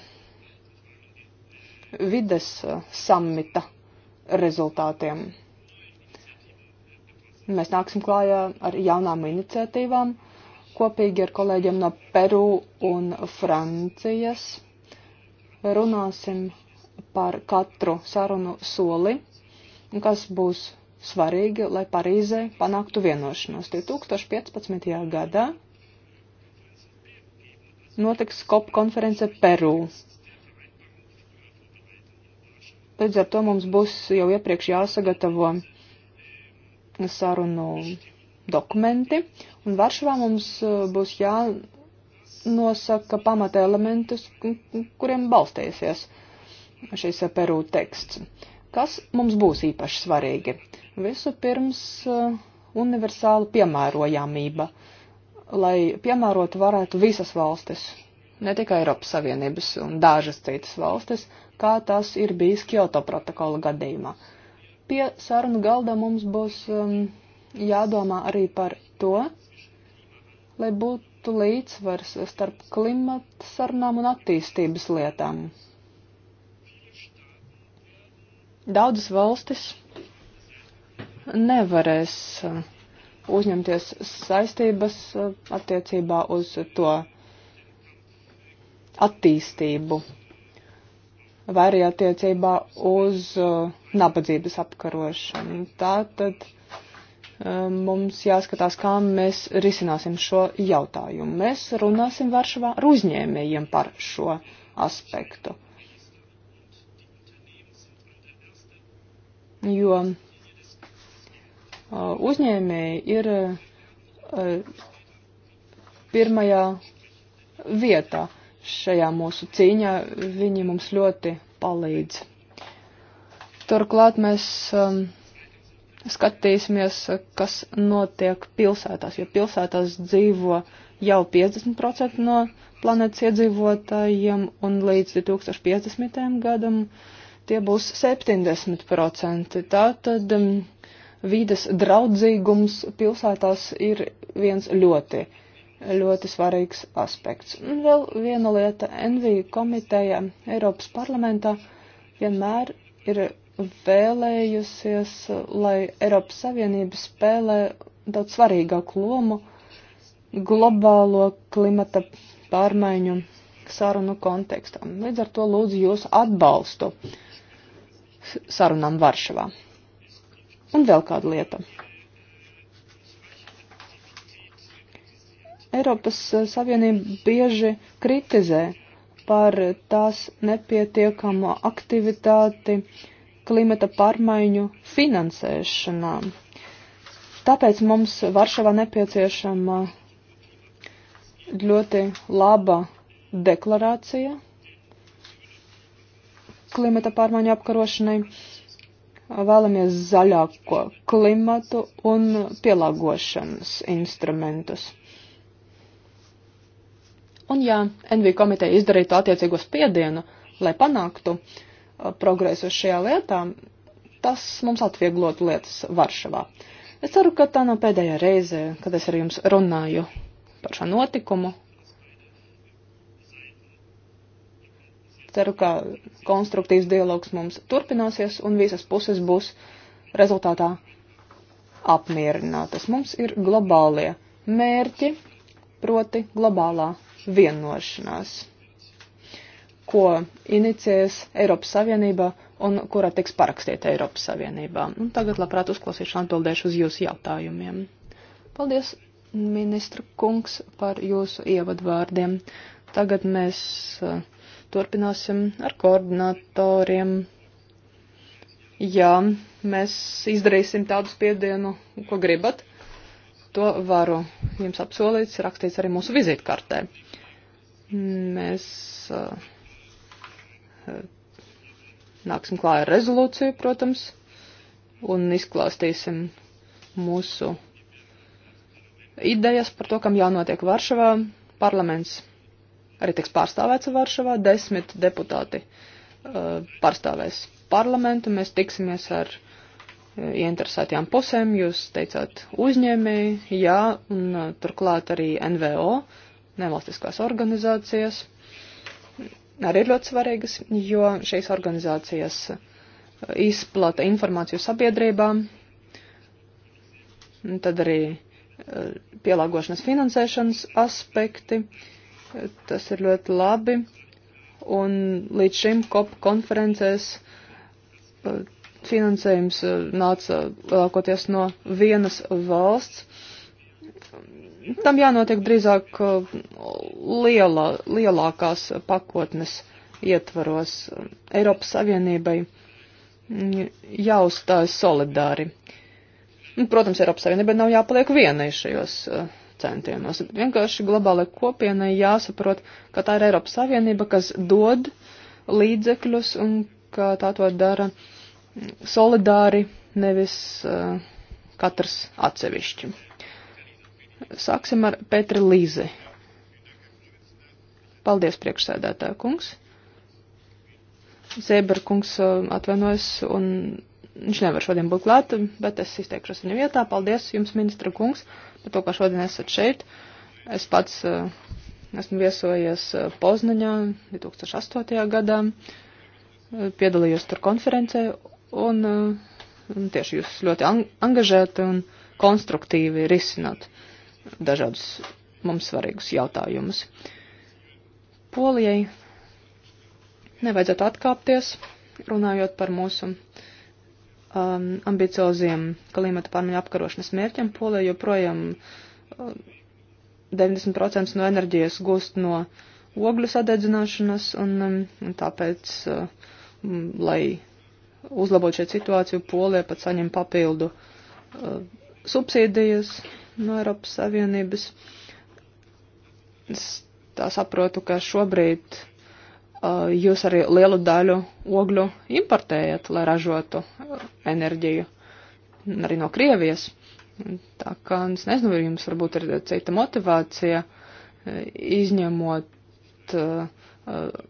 vides uh, samita rezultātiem. Mēs nāksim klājā ar jaunām iniciatīvām kopīgi ar kolēģiem no Peru un Francijas runāsim par katru sarunu soli, kas būs svarīgi, lai Parīzē panāktu vienošanos. 2015. gadā notiks COP konference Peru. Līdz ar to mums būs jau iepriekš jāsagatavo sarunu dokumenti, un Varšavā mums eh, būs jā nosaka pamata elementus, kuriem balstīsies šis Peru teksts. Kas mums būs īpaši svarīgi? Vispirms eh, universāla piemērojamība, lai piemērot varētu visas valstis, ne tikai Eiropas Savienības un dažas citas valstis, kā tas ir bijis Kyoto protokola gadījumā. Pie sarunu galda mums būs um, jādomā arī par to, lai būtu līdzsvars starp klimata sarunām un attīstības lietām. Daudzas valstis nevarēs uh, uzņemties saistības uh, attiecībā uz to attīstību vai arī attiecībā uz uh, nabadzības apkarošanu. Tātad Ehm, mums jāskatās, kā mēs risināsim šo jautājumu. Mēs runāsim Varšavā ar uzņēmējiem par šo aspektu. Jo eh, uzņēmēji ir eh, pirmajā vietā šajā mūsu cīņā. Viņi mums ļoti palīdz. Turklāt mēs um, skatīsimies, kas notiek pilsētās, jo pilsētās dzīvo jau 50% no planētas iedzīvotājiem, un līdz 2050. gadam tie būs 70%. Tātad um, vides draudzīgums pilsētās ir viens ļoti, ļoti svarīgs aspekts. Un vēl viena lieta - NV komiteja Eiropas parlamentā vienmēr ir vēlējusies, lai Eiropas Savienība spēlē daudz svarīgāku lomu globālo klimata pārmaiņu sarunu kontekstā. Līdz ar to lūdzu jūsu atbalstu sarunām Varšavā. Un vēl kāda lieta. Eiropas Savienība bieži kritizē par tās nepietiekamo aktivitāti uh, klimata pārmaiņu finansēšanā. Tāpēc mums Varšavā nepieciešama ļoti laba deklarācija klimata pārmaiņu apkarošanai. Vēlamies zaļāko klimatu un pielāgošanas instrumentus. Un ja NV komiteja izdarītu attiecīgo spiedienu, lai panāktu uh, Uh, progresu šajā lietā, tas mums atvieglot lietas Varšavā. Es ceru, ka tā nav no pēdējā reize, kad es ar jums runāju par šo notikumu. Ceru, ka konstruktīvs dialogs mums turpināsies un visas puses būs rezultātā apmierinātas. Mums ir globālie mērķi, proti globālā vienošanās ko inicēs Eiropas Savienība un kura tiks parakstīta Eiropas Savienībā. Un tagad labprāt uzklausīšu un atbildēšu uz jūsu jautājumiem. Paldies, ministra kungs, par jūsu ievadvārdiem. Tagad mēs uh, turpināsim ar koordinatoriem. Jā, mēs izdarīsim tādu spiedienu, ko gribat. To varu jums apsolīt, rakstīts arī mūsu vizītkartē. Mēs uh, nāksim klāja ar rezolūciju, protams, un izklāstīsim mūsu idejas par to, kam jānotiek Varšavā. Parlaments arī tiks pārstāvēts Varšavā, desmit deputāti uh, pārstāvēs parlamentu, mēs tiksimies ar ieinteresētajām uh, pusēm, jūs teicāt uzņēmēji, jā, un uh, turklāt arī NVO, nevalstiskās organizācijas, arī ir ļoti svarīgas, jo šīs organizācijas uh, izplata informāciju sabiedrībām, tad arī uh, pielāgošanas finansēšanas aspekti, uh, tas ir ļoti labi, un līdz šim kopu konferencēs finansējums nāca lielākoties no vienas valsts, tam jānotiek drīzāk uh, liela, lielākās pakotnes ietvaros. Eiropas Savienībai mm, jāuzstājas solidāri. Nu, protams, Eiropas Savienībai nav jāpaliek vienai šajos uh, centienos. Vienkārši globālai kopienai jāsaprot, ka tā ir Eiropas Savienība, kas dod līdzekļus un ka tā to dara solidāri, nevis uh, katrs atsevišķi. Sāksim ar Petru Līzi. Paldies, priekšsēdētā kungs. Zēber kungs uh, atvainojas, un viņš nevar šodien būt klāt, bet es izteikšos viņa vietā. Paldies jums, ministra kungs, par to, ka šodien esat šeit. Es pats uh, esmu viesojies uh, Poznaņā 2008. gadā, piedalījos tur konferencē, un tieši jūs ļoti angažēti un konstruktīvi risināt uh, dažādus mums svarīgus jautājumus. Polijai nevajadzētu atkāpties, runājot par mūsu um, ambicioziem klimata pārmaiņu apkarošanas mērķiem. Polija joprojām um, 90% no enerģijas gūst no ogļu sadedzināšanas, un, um, tāpēc, um, lai uzlabotu šo situāciju, Polija pat saņem papildu uh, subsīdijas, no Eiropas Savienības. Es tā saprotu, ka šobrīd uh, jūs arī lielu daļu ogļu importējat, lai ražotu enerģiju arī no Krievijas. Tā kā nu, es nezinu, jums varbūt ir cita motivācija uh, izņemot uh, uh,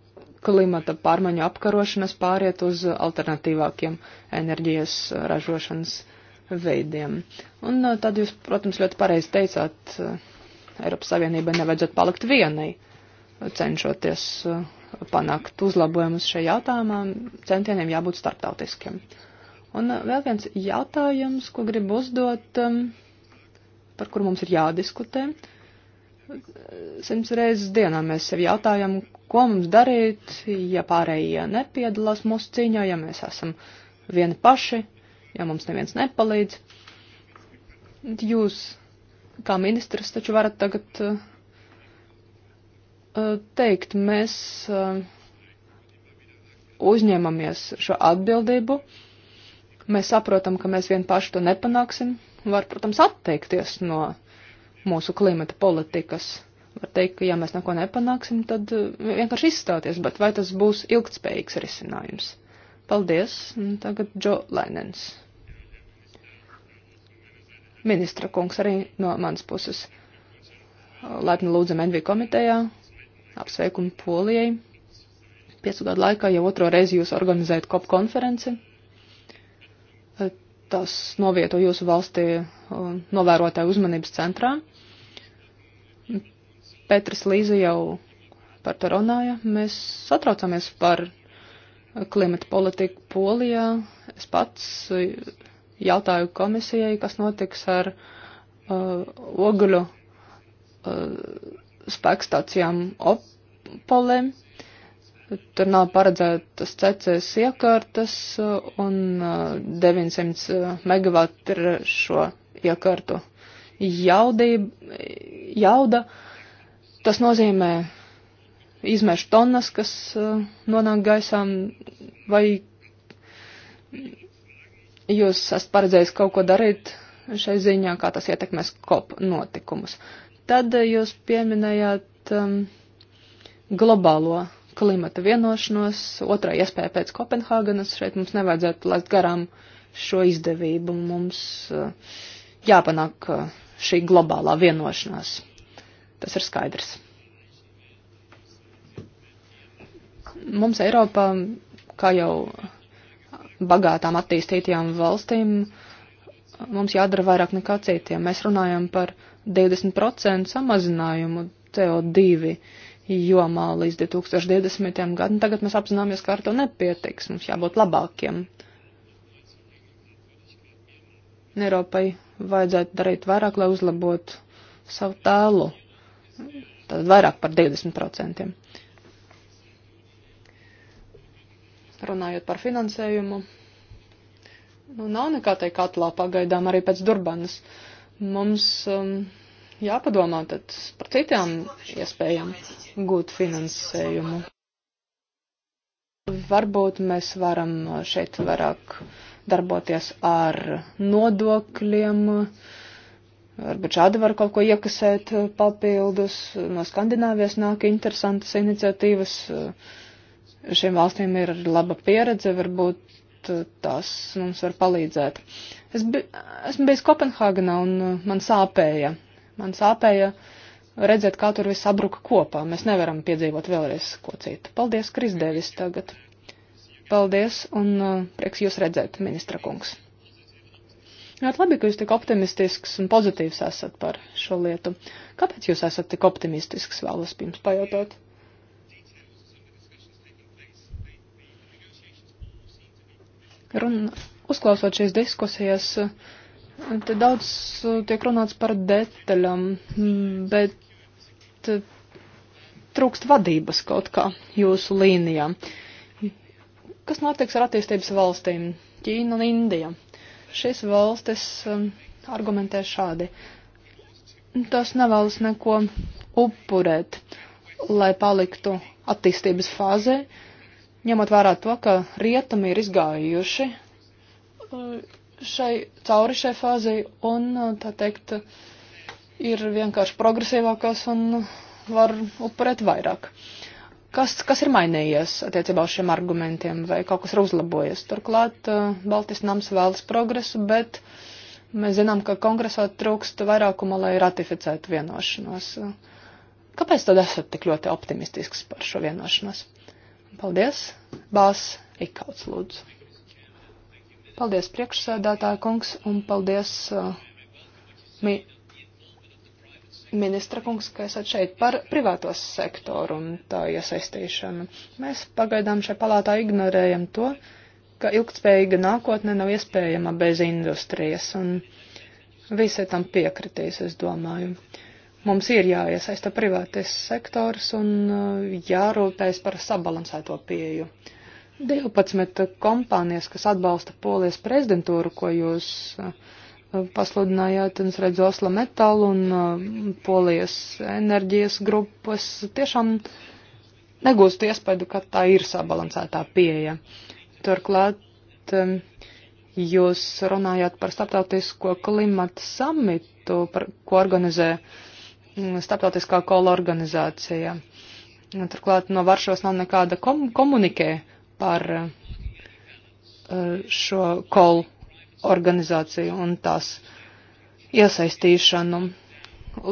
klimata pārmaiņu apkarošanas pāriet uz alternatīvākiem enerģijas uh, ražošanas uh, veidiem. Un uh, tad jūs, protams, ļoti pareizi teicāt, uh, Eiropas Savienībai nevajadzētu palikt vienai, uh, cenšoties panākt uzlabojumus šajā jautājumā, centieniem jābūt starptautiskiem. Un vēl viens jautājums, ko gribu uzdot, um, par kur mums ir jādiskutē. Simts reizes dienā mēs sev jautājam, ko mums darīt, ja pārējie nepiedalās mūsu cīņā, ja mēs esam vieni paši, ja mums neviens nepalīdz. Jūs, kā ministrs, taču varat tagad uh, teikt, mēs uh, eh, uzņēmamies šo atbildību, mēs saprotam, ka mēs vien paši to nepanāksim, var, protams, atteikties no mūsu klimata politikas. Var teikt, ka ja mēs neko nepanāksim, tad eh, vienkārši izstāties, bet vai tas būs ilgtspējīgs risinājums? Paldies. Tagad Džo Lainens. Ministra kungs arī no manas puses. Laipni lūdzam NV komitejā. Apsveikumu Polijai. Piecu gadu laikā jau otro reizi jūs organizējat kop konferenci. Tas novieto jūsu valstī novērotāju uzmanības centrā. Petrs Līze jau par to runāja. Mēs satraucamies par klimata politiku Polijā. Es pats eh, jautāju komisijai, kas notiks ar uh, eh, ogļu uh, eh, spēkstācijām Opolē. Tur nav paredzētas CCS iekārtas un uh, 900 megavati ir šo iekārtu jaudība, jauda. Tas nozīmē izmešu tonnas, kas uh, nonāk gaisā, vai jūs esat paredzējis kaut ko darīt šai ziņā, kā tas ietekmēs kop notikumus. Tad eh, jūs pieminējāt um, globālo klimata vienošanos, otrā iespēja pēc Kopenhāganas, šeit mums nevajadzētu laist garām šo izdevību, mums uh, jāpanāk uh, šī globālā vienošanās. Tas ir skaidrs. mums Eiropā, kā jau bagātām attīstītajām valstīm, mums jādara vairāk nekā citiem. Mēs runājam par 20% samazinājumu CO2 jomā līdz 2020. gadam. Tagad mēs apzināmies, ka ar to nepietiks. Mums jābūt labākiem. Eiropai vajadzētu darīt vairāk, lai uzlabotu savu tēlu. Tad vairāk par 20%. runājot par finansējumu. Nu, nav nekā tai katlā pagaidām arī pēc Durbanas. Mums um, jāpadomā tad par citām iespējām gūt finansējumu. Varbūt mēs varam šeit vairāk darboties ar nodokļiem, varbūt šādi var kaut ko iekasēt papildus. No Skandināvijas nāk interesantas iniciatīvas. Uh, šīm valstīm ir laba pieredze, varbūt eh, tas mums var palīdzēt. Es bi esmu bijis Kopenhāgenā un eh, man sāpēja. Man sāpēja redzēt, kā tur viss sabruka kopā. Mēs nevaram piedzīvot vēlreiz ko citu. Paldies, Krisdēvis, tagad. Paldies un uh, prieks jūs redzēt, ministra kungs. Ļoti labi, ka jūs tik optimistisks un pozitīvs esat par šo lietu. Kāpēc jūs esat tik optimistisks, vēlos pirms pajautāt? Run, uzklausot šīs diskusijas, te daudz eh, tiek runāts par detaļām, bet eh, trūkst vadības kaut kā jūsu līnijā. Kas notiks ar attīstības valstīm? Ķīna un Indija. Šīs valstis eh, argumentē šādi. Tas nevēlas neko upurēt, lai paliktu attīstības fāzē, uh, ņemot vērā to, ka rietumi ir izgājuši uh, šai, cauri šai fāzei un, uh, tā teikt, ir vienkārši progresīvākās un var upurēt vairāk. Kas, kas ir mainījies attiecībā uz šiem argumentiem vai kaut kas ir uzlabojies? Turklāt uh, Baltijas nams vēlas progresu, bet mēs zinām, ka kongresā trūkst vairākuma, lai ratificētu vienošanos. Kāpēc tad esat tik ļoti optimistisks par šo vienošanos? Paldies. Bās Ikauts, lūdzu. Paldies priekšsēdētāja kungs un paldies uh, mi ministra kungs, ka esat šeit par privātos sektoru un tā iesaistīšanu. Mēs pagaidām šai palātā ignorējam to, ka ilgtspējīga nākotne nav iespējama bez industrijas, un visi tam piekritīs, es domāju. Uh, Mums ir jāiesaista privātais sektors un uh, jārūpējas par sabalansēto pieju. 12 kompānijas, kas atbalsta polijas prezidentūru, ko jūs uh, pasludinājāt, un es redzu Osla metalu un uh, polijas enerģijas grupas, tiešām negūstu iespēju, ka tā ir sabalansētā pieeja. Turklāt um, jūs runājāt par starptautisko klimata samitu, par, ko organizē uh, Mm, starptautiskā kola organizācija. Turklāt no Varšos nav nekāda kom komunikē par eh, šo kolu organizāciju un tās iesaistīšanu.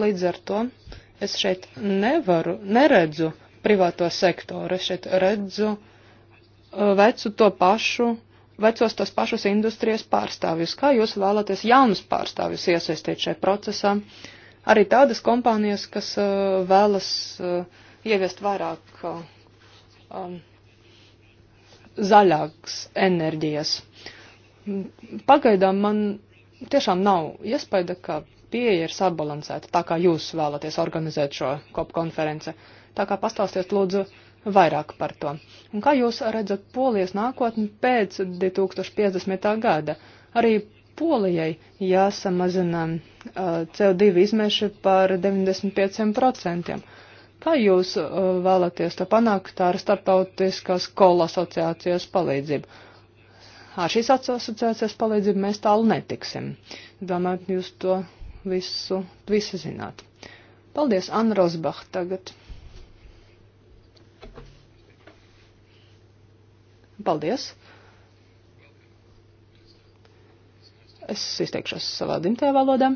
Līdz ar to es šeit nevaru, neredzu privāto sektoru, es šeit redzu eh, vecu to pašu, vecos tos pašus industrijas pārstāvjus. Kā jūs vēlaties jaunus pārstāvjus iesaistīt šajā procesā? Uh, arī tādas kompānijas, kas uh, vēlas uh, ieviest vairāk uh, um, zaļākas enerģijas. Pagaidām man tiešām nav iespēja, ka pieeja ir sabalansēta, tā kā jūs vēlaties organizēt šo kop konferenci. Tā kā pastāstiet lūdzu vairāk par to. Un kā jūs redzat polijas nākotni pēc 2050. gada? Arī Polijai jāsamazina uh, CO2 izmeši par 95%. Kā jūs uh, vēlaties to panākt ar starptautiskās kola asociācijas palīdzību? Ar šīs asociācijas palīdzību mēs tālu netiksim. Domāju, jūs to visu, visu zināt. Paldies, Anna Rosbach tagad. Paldies! Es izteikšos savā dzimtajā valodā.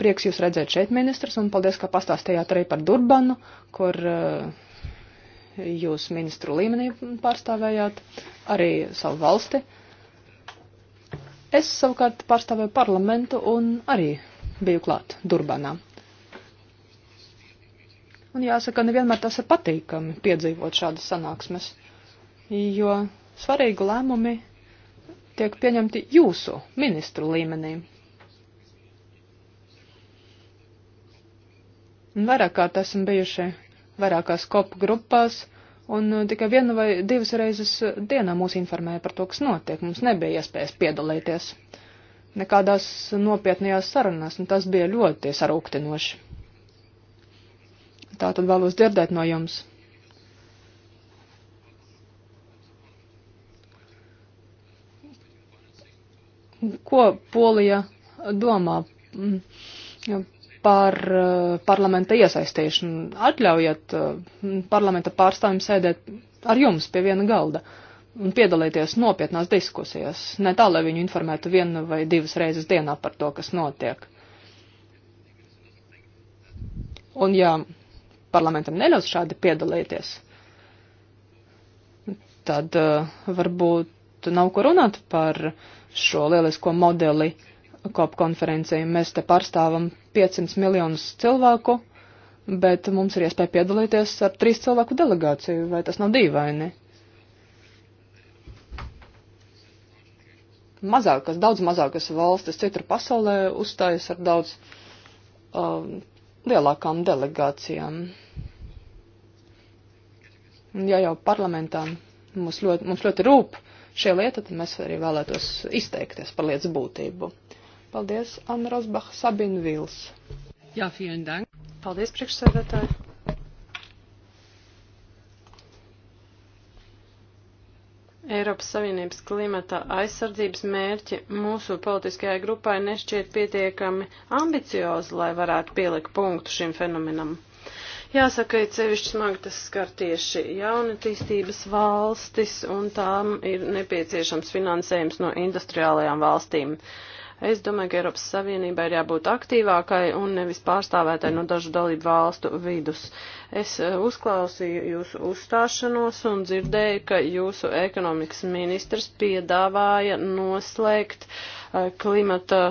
Prieks jūs redzēt šeit, ministrs, un paldies, ka pastāstījāt arī par Durbanu, kur eh, jūs ministru līmenī pārstāvējāt arī savu valsti. Es savukārt pārstāvēju parlamentu un arī biju klāt Durbanā. Un jāsaka, nevienmēr tas ir patīkami piedzīvot šādas sanāksmes, jo svarīgi lēmumi tiek pieņemti jūsu ministru līmenī. Un vairāk kārt esam bijuši vairākās kopu grupās, un uh, tikai vienu vai divas reizes uh, dienā mūs informēja par to, kas notiek. Mums nebija iespējas piedalīties nekādās nopietnējās sarunās, un tas bija ļoti sarūktinoši. Tā tad vēlos dzirdēt no jums Ko Polija domā mm, par eh, parlamenta iesaistīšanu? Atļaujiet eh, parlamenta pārstāvjiem sēdēt ar jums pie viena galda un piedalīties nopietnās diskusijās, ne tā, lai viņu informētu vienu vai divas reizes dienā par to, kas notiek. Un ja parlamentam neļaus šādi piedalīties, tad uh, varbūt nav ko runāt par uh, šo lielisko modeli kop konferencei. Mēs te pārstāvam 500 miljonus cilvēku, bet mums ir iespēja piedalīties ar trīs cilvēku delegāciju, vai tas nav dīvaini? Mazākas, daudz mazākas valstis citur pasaulē uzstājas ar daudz uh, lielākām delegācijām. Ja jau parlamentām mums ļoti, mums ļoti rūp uh, šī lieta, tad mēs arī vēlētos izteikties par lietas būtību. Paldies, Anna Rosbacha, Sabina Vils. Jā, vielen dank. Paldies, priekšsēdētāji.
Eiropas Savienības klimata aizsardzības mērķi mūsu politiskajai grupai nešķiet pietiekami ambiciozi, lai varētu pielikt punktu šim fenomenam. Jāsaka, ir sevišķi smagi tas skar tieši jaunatīstības valstis, un tām ir nepieciešams finansējums no industriālajām valstīm. Es domāju, ka Eiropas Savienībai ir jābūt aktīvākai un nevis pārstāvētai no dažu dalību valstu vidus. Es eh, uzklausīju jūsu uzstāšanos un dzirdēju, ka jūsu ekonomikas ministrs piedāvāja noslēgt eh, klimata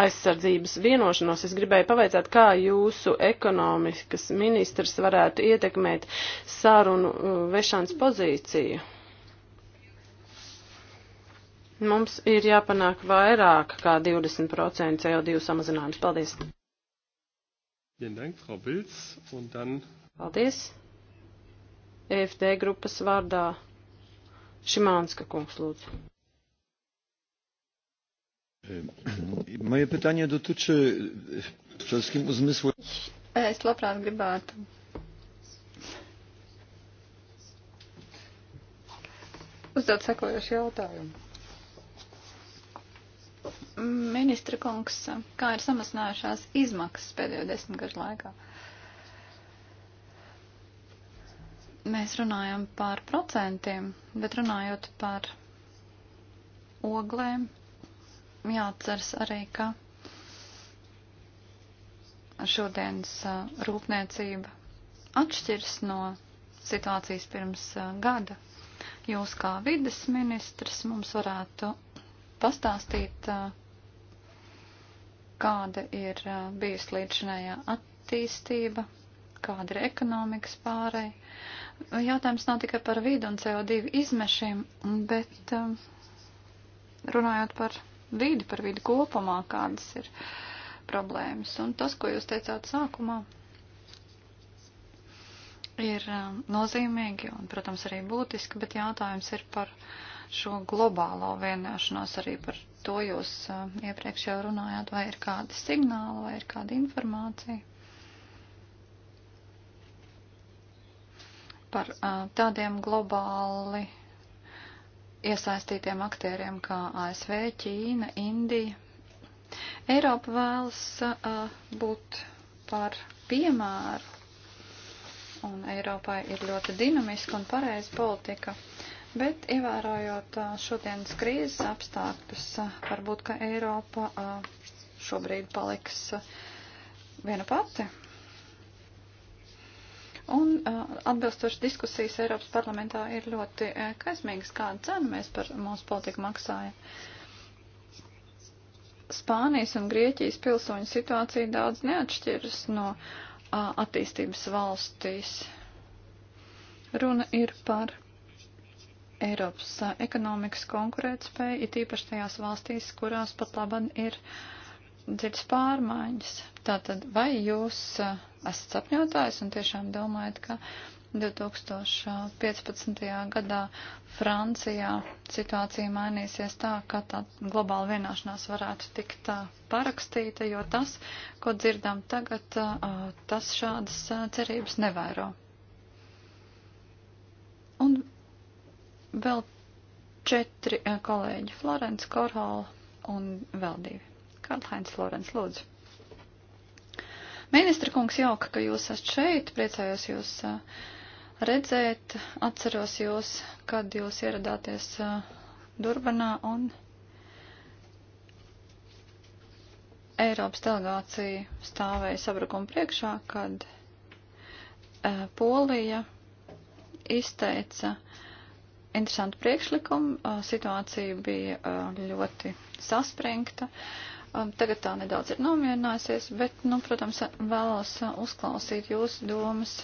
aizsardzības vienošanos, es gribēju pavaicāt, kā jūsu ekonomikas ministrs varētu ietekmēt sārunu uh, vešanas pozīciju. Mums ir jāpanāk vairāk kā 20% CO2 samazinājums. Paldies! Paldies! EFD grupas vārdā Šimānska kungs lūdzu.
Moje pytanie dotyczy
e, przede wszystkim uzmysłu.
Es labprāt gribētu uzdot sekojošu jautājumu. Ministra kungs, kā ir samazinājušās izmaksas pēdējo desmitgažu laikā? Mēs runājam par procentiem, bet runājot par oglēm, jāatceras arī, ka šodienas rūpniecība atšķirs no situācijas pirms gada. Jūs kā vides ministrs mums varētu pastāstīt, kāda ir bijusi līdzinējā attīstība, kāda ir ekonomikas pārēja. Jautājums nav tikai par vidu un CO2 izmešiem, bet runājot par vidi, par vidi kopumā, kādas ir problēmas. Un tas, ko jūs teicāt sākumā, ir um, nozīmīgi un, protams, arī būtiski, bet jautājums ir par šo globālo vienošanos, arī par to jūs um, iepriekš jau runājāt, vai ir kādi signāli, vai ir kāda informācija. Par uh, tādiem globāli iesaistītiem aktieriem kā ASV, Ķīna, Indija. Eiropa vēlas uh, būt par piemēru, un Eiropai ir ļoti dinamiska un pareiza politika, bet ievērojot uh, šodienas krīzes apstākļus, uh, varbūt, ka Eiropa uh, šobrīd paliks uh, viena pati Un uh, atbilstoši diskusijas Eiropas parlamentā ir ļoti uh, kaismīgas, kādu cenu mēs par mūsu politiku maksājam. Spānijas un Grieķijas pilsoņu situācija daudz neatšķiras no uh, attīstības valstīs. Runa ir par Eiropas ekonomikas konkurētspēju, it īpaši tajās valstīs, kurās pat laban ir uh, dziļas pārmaiņas. Tātad, vai jūs eh, esat sapņotājs un tiešām domājat, ka 2015. gadā Francijā situācija mainīsies tā, ka tā globāla vienāšanās varētu tikt eh, parakstīta, jo tas, ko dzirdam tagad, eh, tas šādas cerības nevēro. Un vēl četri kolēģi - Florence Korhola un vēl divi. Karl Heinz Florence, lūdzu. Ministra kungs, jauka, ka jūs esat šeit, priecājos jūs uh, redzēt, atceros jūs, kad jūs ieradāties uh, Durbanā un Eiropas delegācija stāvēja sabrukuma priekšā, kad uh, Polija izteica interesantu priekšlikumu, situācija bija ļoti saspringta Um, tagad tā nedaudz ir nomierinājusies, bet, nu, protams, vēlos uh, uzklausīt jūsu domas.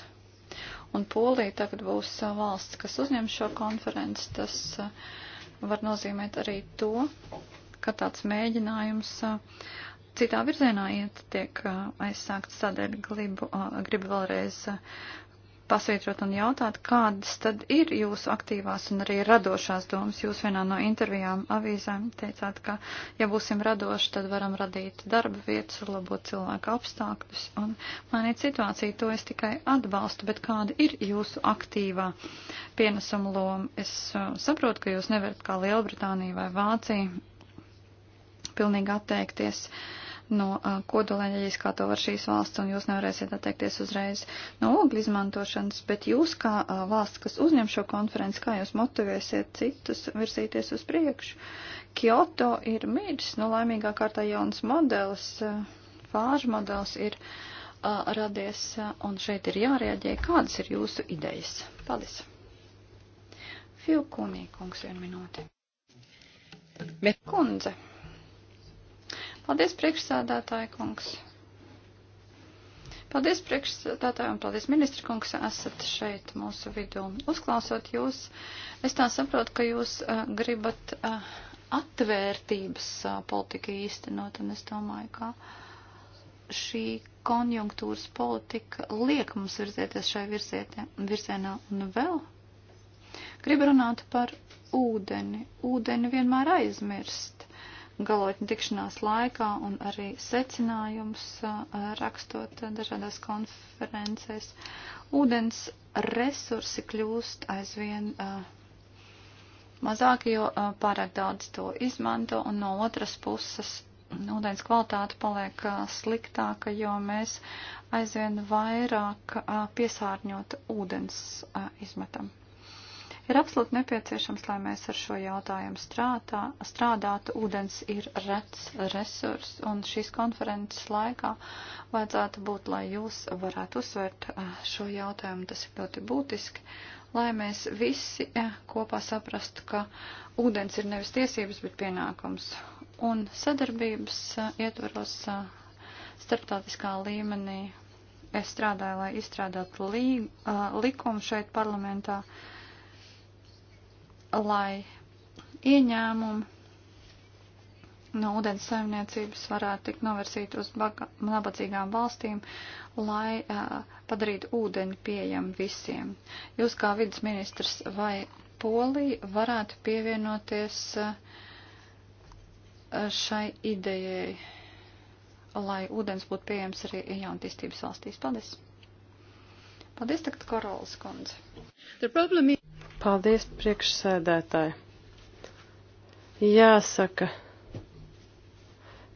Un Polija tagad būs uh, valsts, kas uzņem šo konferenci. Tas uh, var nozīmēt arī to, ka tāds mēģinājums citā virzienā iet tiek aizsākts. Tādēļ gribu, gribu vēlreiz pasvītrot un jautāt, kādas tad ir jūsu aktīvās un arī radošās domas. Jūs vienā no intervijām avīzēm teicāt, ka ja būsim radoši, tad varam radīt darba vietas, labot cilvēku apstākļus un mainīt situāciju. To es tikai atbalstu, bet kāda ir jūsu aktīvā pienesuma loma? Es uh, saprotu, ka jūs nevarat kā Lielbritānija vai Vācija pilnīgi atteikties. Uh, no kodolenerģijas, kā to var šīs valsts, un jūs nevarēsiet atteikties uzreiz no ogļu izmantošanas, bet jūs kā valsts, kas uzņem šo konferenci, kā jūs motivēsiet citus virzīties uz priekšu? Kyoto ir miris, nu laimīgā kārtā jauns modelis, fāžu modelis ir uh, radies, un šeit ir jārēģē. Kādas ir jūsu idejas? Paldies! Filkunī, kungs, vienu minūti. Kundze. Paldies, priekšsādātāja kungs. Paldies, priekšsādātāja un paldies, ministra kungs, esat šeit mūsu vidū. Uzklausot jūs, es tā saprotu, ka jūs uh, gribat uh, atvērtības uh, eh, politiku īstenot, un es domāju, ka šī konjunktūras politika liek mums virzieties šai virzietē, virzienā un vēl. Gribu runāt par ūdeni. Ūdeni vienmēr aizmirst galotņu tikšanās laikā un arī secinājums rakstot dažādās konferencēs. Ūdens resursi kļūst aizvien mazāk, jo pārāk daudz to izmanto, un no otras puses ūdens kvalitāte paliek sliktāka, jo mēs aizvien vairāk piesārņot ūdens izmetam ir absolūti nepieciešams, lai mēs ar šo jautājumu strātā, strādātu. Ūdens ir rets resurs, un šīs konferences laikā vajadzētu būt, lai jūs varētu uzsvērt eh, šo jautājumu. Tas ir ļoti būtiski, lai mēs visi eh, kopā saprastu, ka ūdens ir nevis tiesības, bet pienākums. Un sadarbības eh, ietvaros starptautiskā līmenī es strādāju, lai izstrādātu lī, likumu šeit parlamentā. Uh, lai ieņēmumi no ūdens saimniecības varētu tikt novirzīt uz baga, nabadzīgām valstīm, lai uh, padarītu ūdeni pieejam visiem. Jūs kā vidas ministrs vai Polija varētu pievienoties uh, šai idejai, lai ūdens būtu pieejams arī jaunatīstības valstīs. Paldies! Paldies, tagad Korolas kundze.
Paldies, priekšsēdētāji. Jāsaka,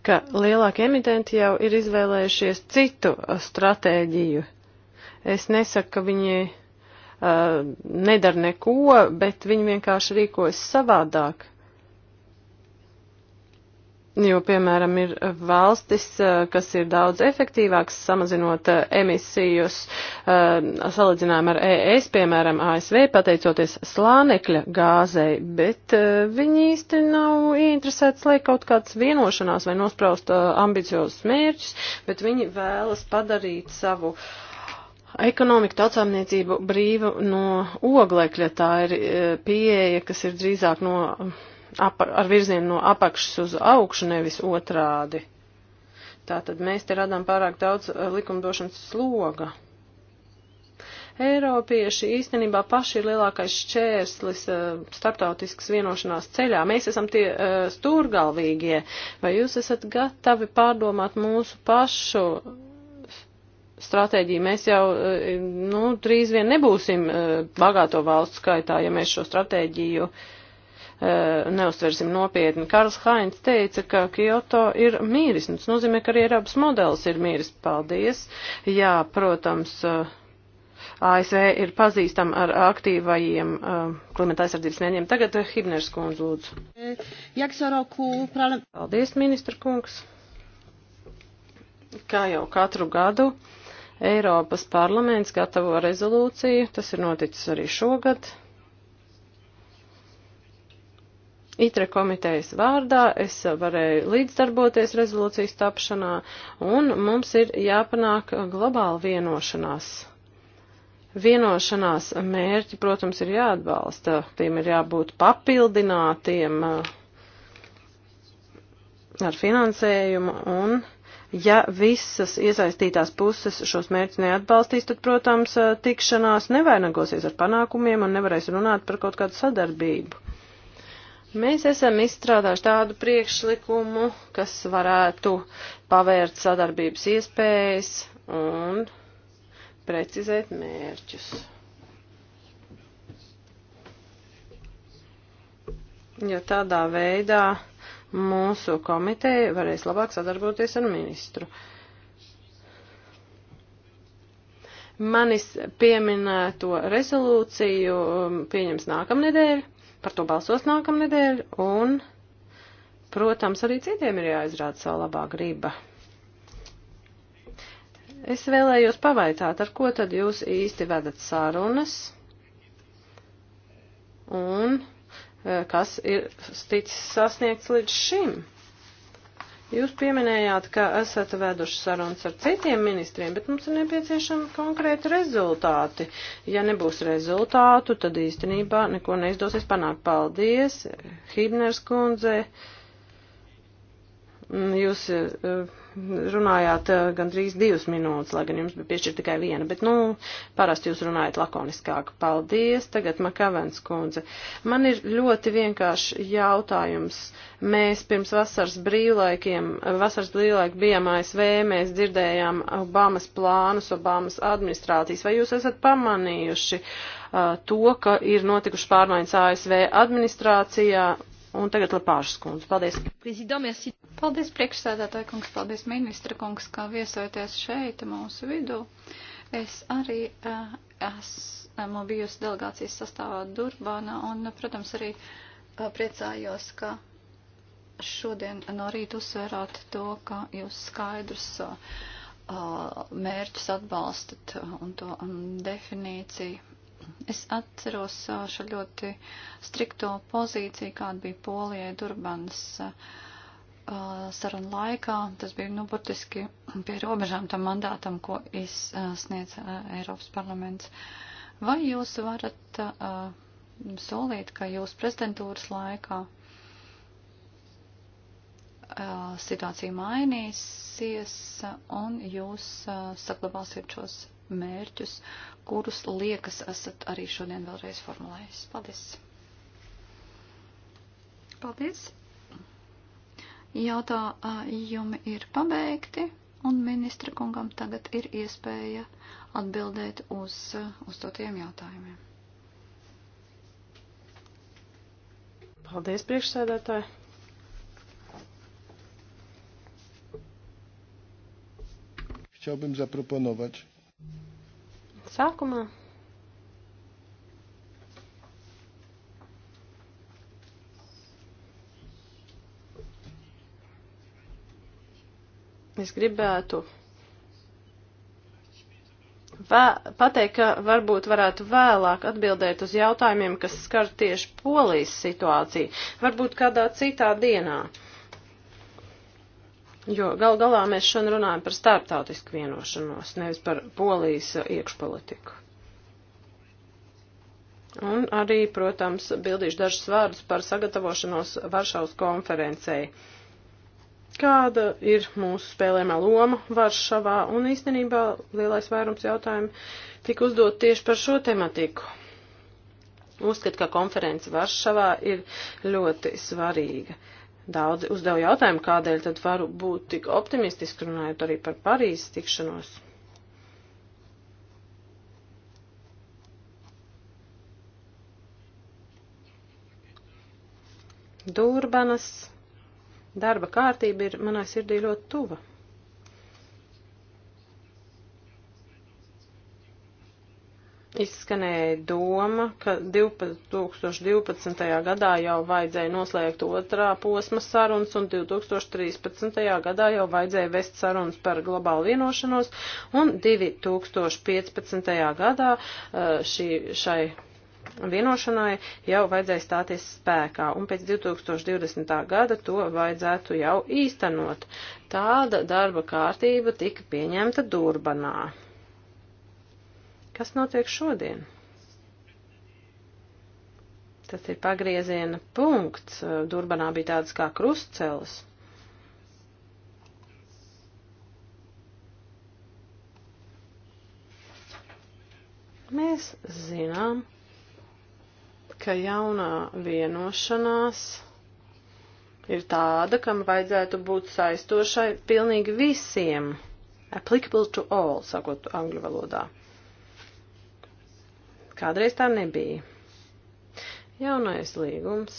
ka lielākie emitenti jau ir izvēlējušies citu uh, stratēģiju. Es nesaku, ka viņi uh, nedara neko, bet viņi vienkārši rīkojas savādāk. Jo, piemēram, ir eh, valstis, eh, kas ir daudz efektīvāks samazinot eh, emisijas salīdzinājumā ar ES, piemēram, ASV, pateicoties slānekļa gāzei, bet viņi īsti nav ieinteresēts, lai kaut kāds vienošanās vai nospraust ambiciozus mērķus, bet viņi vēlas padarīt savu ekonomiku tautsāmniecību brīvu no oglekļa. Tā ir pieeja, kas ir drīzāk no ap, ar virzienu no apakšas uz augšu, nevis otrādi. Tātad mēs te radām pārāk daudz eh, likumdošanas sloga. Eiropieši īstenībā paši ir lielākais šķērslis eh, starptautiskas vienošanās ceļā. Mēs esam tie eh, stūrgalvīgie. Vai jūs esat gatavi pārdomāt mūsu pašu stratēģiju. Mēs jau nu, drīz vien nebūsim bagāto valstu skaitā, ja mēs šo stratēģiju uh, Eh, neuztversim nopietni. Karls Hainz teica, ka Kyoto ir mīris, un nu, tas nozīmē, ka arī Eiropas modelis ir mīris. Paldies! Jā, protams, eh, ASV ir pazīstama ar aktīvajiem eh, klimata aizsardzības mēģiem. Tagad Hibners kundz lūdzu. Paldies, ministra kungs! Kā jau katru gadu. Eiropas parlaments gatavo rezolūciju, tas ir noticis arī šogad, ITRE komitejas vārdā, es varēju līdzdarboties rezolūcijas tapšanā, un mums ir jāpanāk globāla vienošanās. Vienošanās mērķi, protams, ir jāatbalsta, tiem ir jābūt papildinātiem eh, ar finansējumu, un, ja visas iesaistītās puses šos mērķus neatbalstīs, tad, protams, eh, tikšanās nevainagosies ar panākumiem un nevarēs runāt par kaut kādu sadarbību. Mēs esam izstrādājuši tādu priekšlikumu, kas varētu pavērt sadarbības iespējas un precizēt mērķus. Jo tādā veidā mūsu komiteja varēs labāk sadarboties ar ministru. Manis pieminēto rezolūciju um, pieņems nākamnedēļ par to balsos nākamnedēļ, un, protams, arī citiem ir jāizrāda savu labā griba. Es vēlējos pavaitāt, ar ko tad jūs īsti vedat sarunas, un eh, kas ir ticis sasniegts līdz šim. Jūs pieminējāt, ka esat veduši sarunas ar citiem ministriem, bet mums ir nepieciešami konkrēti rezultāti. Ja nebūs rezultātu, tad īstenībā neko neizdosies panākt. Paldies, Hibners kundze. Jūs. Uh, runājāt eh, gandrīz divas minūtes, lai gan jums bija piešķirta tikai viena, bet, nu, parasti jūs runājat lakoniskāk. Paldies, tagad Makavens kundze. Man ir ļoti vienkārši jautājums. Mēs pirms vasaras brīvlaikiem, vasaras brīvlaika bijām ASV, mēs dzirdējām Obamas plānus, Obamas administrācijas. Vai jūs esat pamanījuši uh, to, ka ir notikuši pārmaiņas ASV administrācijā? Un tagad Lepāžas kundze. Paldies.
Paldies priekšsēdētāji kungs, paldies ministra kungs, kā viesojoties šeit mūsu vidū. Es arī uh, esmu bijusi delegācijas sastāvā Durbānā un, protams, arī uh, priecājos, ka šodien no rīta uzsvērāt to, ka jūs skaidrs. Uh, mērķus atbalstat un to mm, definīciju. Es atceros šo ļoti strikto pozīciju, kāda bija Polijai Durbanas saruna laikā. Tas bija, nu, burtiski pie robežām tam mandātam, ko izsniedz Eiropas parlaments. Vai jūs varat solīt, ka jūs prezidentūras laikā situācija mainīsies un jūs saglabāsiet šos mērķus, kurus liekas esat arī šodien vēlreiz formulējis. Paldies! Paldies! Jautājumi ir pabeigti, un ministra kungam tagad ir iespēja atbildēt uz uh, uzdotiem jautājumiem. Paldies, priekšsēdētāji!
Chciałbym zaproponować
Sākumā es gribētu vē, pateikt, ka varbūt varētu vēlāk atbildēt uz jautājumiem, kas skar tieši polijas situāciju, varbūt kādā citā dienā. Jo gal galā mēs šodien runājam par starptautisku vienošanos, nevis par polijas iekšpolitiku. Un arī, protams, bildīšu dažus vārdus par sagatavošanos Varšavas konferencei. Kāda ir mūsu spēlēmā loma Varšavā? Un īstenībā lielais vairums jautājumu tika uzdot tieši par šo tematiku. Uzskat, ka konference Varšavā ir ļoti svarīga. Uh, Daudzi uzdeva jautājumu, kādēļ tad varu būt tik optimistiski runājot arī par Parīzes tikšanos. Durbanas darba kārtība ir manai sirdī ļoti tuva. Izskanēja doma, ka 2012. gadā jau vajadzēja noslēgt otrā posma sarunas un 2013. gadā jau vajadzēja vest sarunas par globālu vienošanos un 2015. gadā eh, šī, šai vienošanai jau vajadzēja stāties spēkā, un pēc 2020. gada to vajadzētu jau īstenot. Tāda darba kārtība tika pieņemta Durbanā. Kas notiek šodien? Tas ir pagrieziena punkts. Durbanā bija tādas kā krustcelis. Mēs zinām, ka jaunā vienošanās ir tāda, kam vajadzētu būt saistošai pilnīgi visiem, applicable to all, sakot angļu valodā. Kādreiz tā nebija. Jaunais līgums.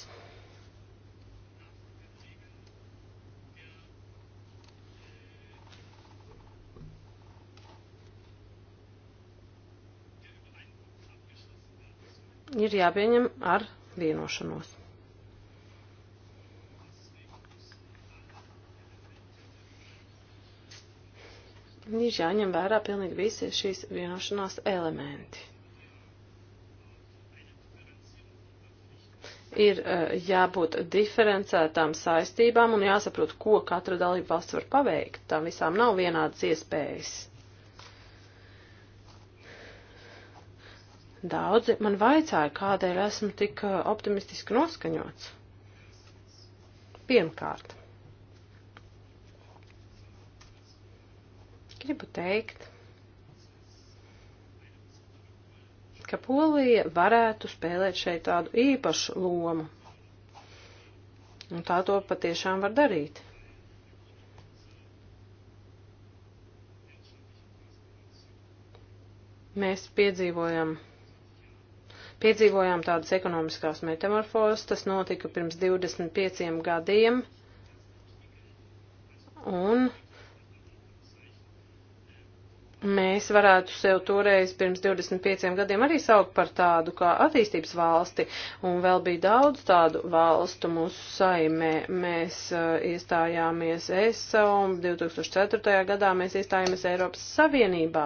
ir jāpieņem ar vienošanos. Ir jāņem vērā pilnīgi visi šīs vienošanās elementi. ir e, jābūt diferencētām saistībām un jāsaprot, ko katra dalība valsts var paveikt. Tām visām nav vienādas iespējas. Daudzi man vaicāja, kādēļ esmu tik e, optimistiski noskaņots. Pirmkārt, gribu teikt, ka Polija varētu spēlēt šeit tādu īpašu lomu. Un tā to patiešām var darīt. Mēs piedzīvojam piedzīvojām tādas ekonomiskās metamorfozes, tas notika pirms 25 gadiem, un Mēs varētu sev toreiz pirms 25 gadiem arī saukt par tādu kā attīstības valsti, un vēl bija daudz tādu valstu mūsu saimē. Mēs uh, iestājāmies ESO, un 2004. gadā mēs iestājāmies Eiropas Savienībā.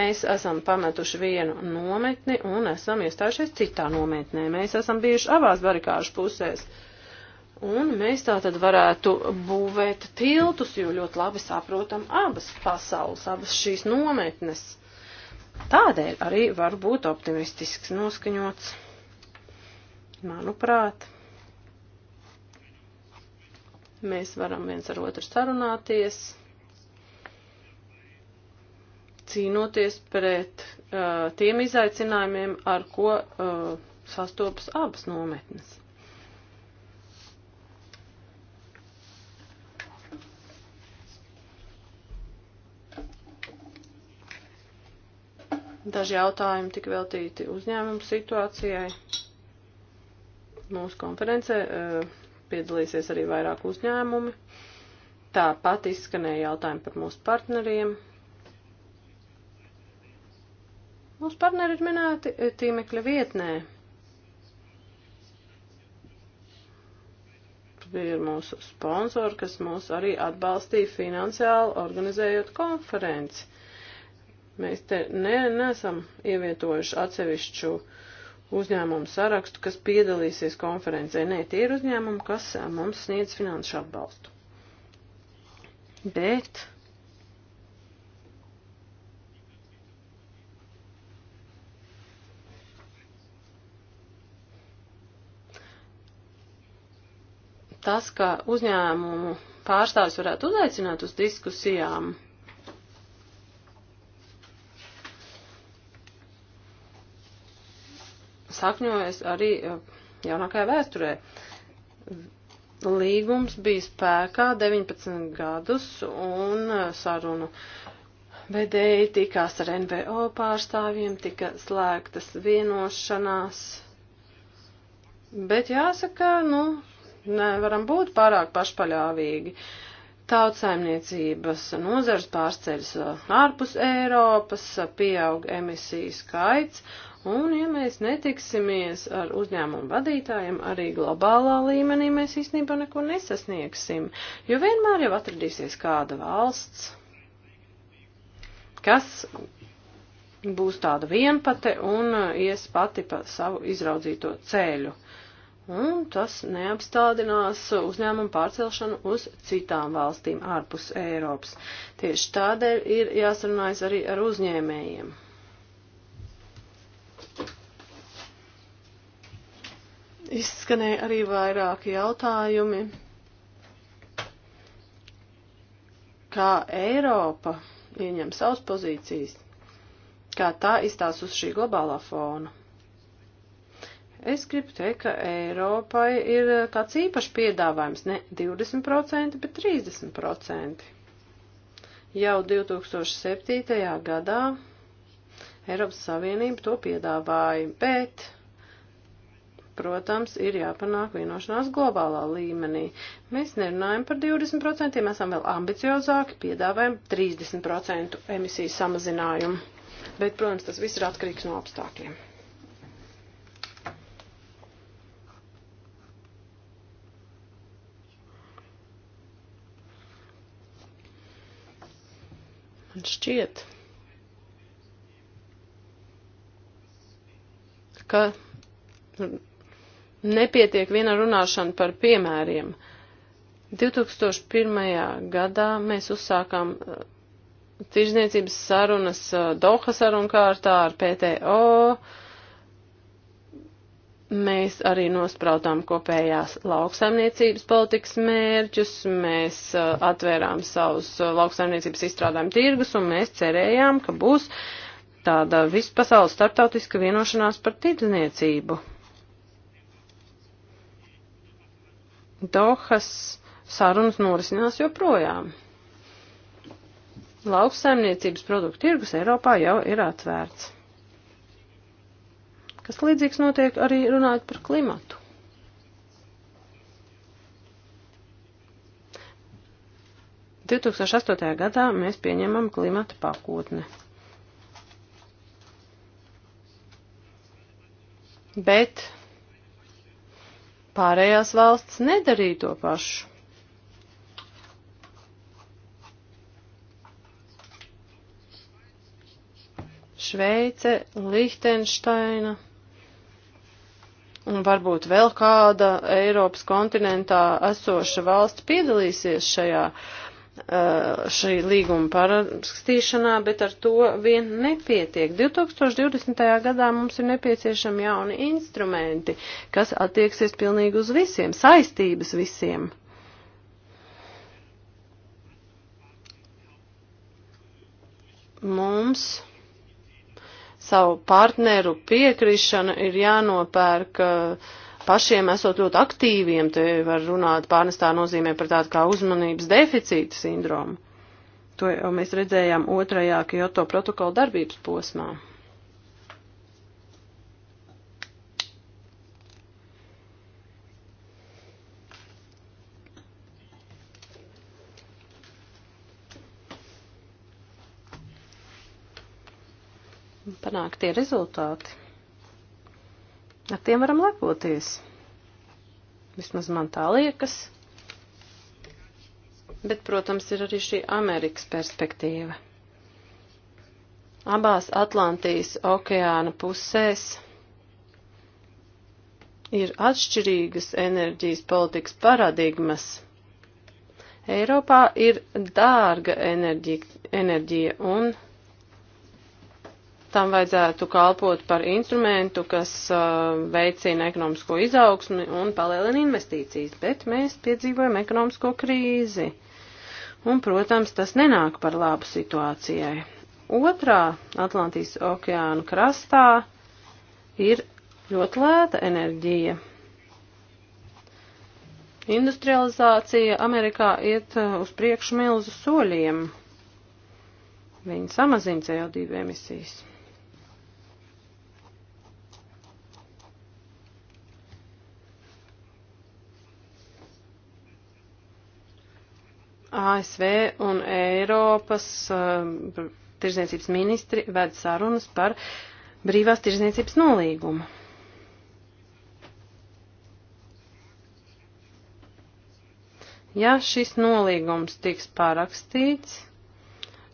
Mēs esam pametuši vienu nometni un esam iestājušies citā nometnē. Mēs esam bijuši abās barikāžu pusēs. Uh, Un mēs tā tad varētu būvēt tiltus, jo ļoti labi saprotam abas pasaules, abas šīs nometnes. Tādēļ arī var būt optimistisks noskaņots, manuprāt. Mēs varam viens ar otru sarunāties, cīnoties pret uh, tiem izaicinājumiem, ar ko uh, sastopas abas nometnes. Daži jautājumi tika veltīti uzņēmumu situācijai. Mūsu konferencē eh, piedalīsies arī vairāk uzņēmumi. Tāpat izskanēja jautājumi par mūsu partneriem. Mūsu partneri ir minēti eh, tīmekļa vietnē. bija mūsu sponsori, kas mūs arī atbalstīja finansiāli, organizējot konferenci. Mēs te ne, nesam ievietojuši atsevišķu uzņēmumu sarakstu, kas piedalīsies konferencē. Nē, tie ir uzņēmumi, kas mums sniedz finanšu atbalstu. Bet tas, ka uzņēmumu pārstāvis varētu uzaicināt uz diskusijām, sakņojas arī e, jaunākajā vēsturē. Līgums bija spēkā 19 gadus un e, sarunu vedēji tikās ar NVO pārstāvjiem, tika slēgtas vienošanās. Bet jāsaka, nu, nevaram būt pārāk pašpaļāvīgi. Tautsaimniecības nozars pārceļas e, ārpus Eiropas, pieaug emisiju skaits, Un, ja mēs netiksimies ar uzņēmumu vadītājiem, arī globālā līmenī mēs īstenībā neko nesasniegsim, jo vienmēr jau atradīsies kāda valsts, kas būs tāda vienpate un uh, ies pati pa savu izraudzīto ceļu. Un tas neapstādinās uzņēmumu pārcelšanu uz citām valstīm ārpus Eiropas. Tieši tādēļ ir jāsarunājas arī ar uzņēmējiem. Izskanēja arī vairāki jautājumi, kā Eiropa ieņem savas pozīcijas, kā tā izstās uz šī globālā fona. Es gribu teikt, ka Eiropai ir tāds īpašs piedāvājums ne 20%, bet 30%. Jau 2007. gadā Eiropas Savienība to piedāvāja, bet protams, ir jāpanāk vienošanās globālā līmenī. Mēs nerunājam par 20%, esam vēl ambiciozāki, piedāvājam 30% emisiju samazinājumu. Bet, protams, tas viss ir atkarīgs no apstākļiem.
Man šķiet,
ka Nepietiek viena runāšana par piemēriem. 2001. gadā mēs uzsākām uh, tirzniecības sarunas uh, Doha sarunu kārtā ar PTO. Mēs arī nospraudām kopējās lauksaimniecības politikas mērķus, mēs uh, atvērām savus lauksaimniecības izstrādājumu tirgus un mēs cerējām, ka būs tāda vispasaules starptautiska vienošanās par tirdzniecību. Dohas sarunas norisinās joprojām. Lauksaimniecības produktu tirgus Eiropā jau ir atvērts. Kas līdzīgs notiek arī runājot par klimatu. – 2008. gadā mēs pieņemam klimata pakotni. Bet pārējās valsts nedarīja to pašu. Šveice, Lihtenšteina un varbūt vēl kāda Eiropas kontinentā esoša valsts piedalīsies šajā uh, Uh, šī līguma parakstīšanā, bet ar to vien nepietiek. 2020. gadā mums ir nepieciešami jauni instrumenti, kas attieksies pilnīgi uz visiem, saistības visiem. Mums savu partneru piekrišana ir jānopērk uh, pašiem esot ļoti aktīviem, te var runāt pārnestā nozīmē par tādu kā uzmanības deficīta sindromu. To jau mēs redzējām otrajā Kyoto protokola darbības posmā. Panāktie rezultāti. Ar tiem varam lepoties. Vismaz man tā liekas. Bet, protams, ir arī šī Amerikas perspektīva. Abās Atlantijas okeāna pusēs ir atšķirīgas enerģijas politikas paradigmas. Eiropā ir dārga enerģija, enerģija un tam vajadzētu kalpot par instrumentu, kas uh, veicina ekonomisko izaugsmi un palielina investīcijas, bet mēs piedzīvojam ekonomisko krīzi. Un, protams, tas nenāk par labu situācijai. Otrā Atlantijas okeāna krastā ir ļoti lēta enerģija. Industrializācija Amerikā iet uh, uz priekšu milzu soļiem. Viņi samazina CO2 emisijas. ASV un Eiropas uh, tirzniecības ministri ved sarunas par brīvās tirzniecības nolīgumu. Ja šis nolīgums tiks parakstīts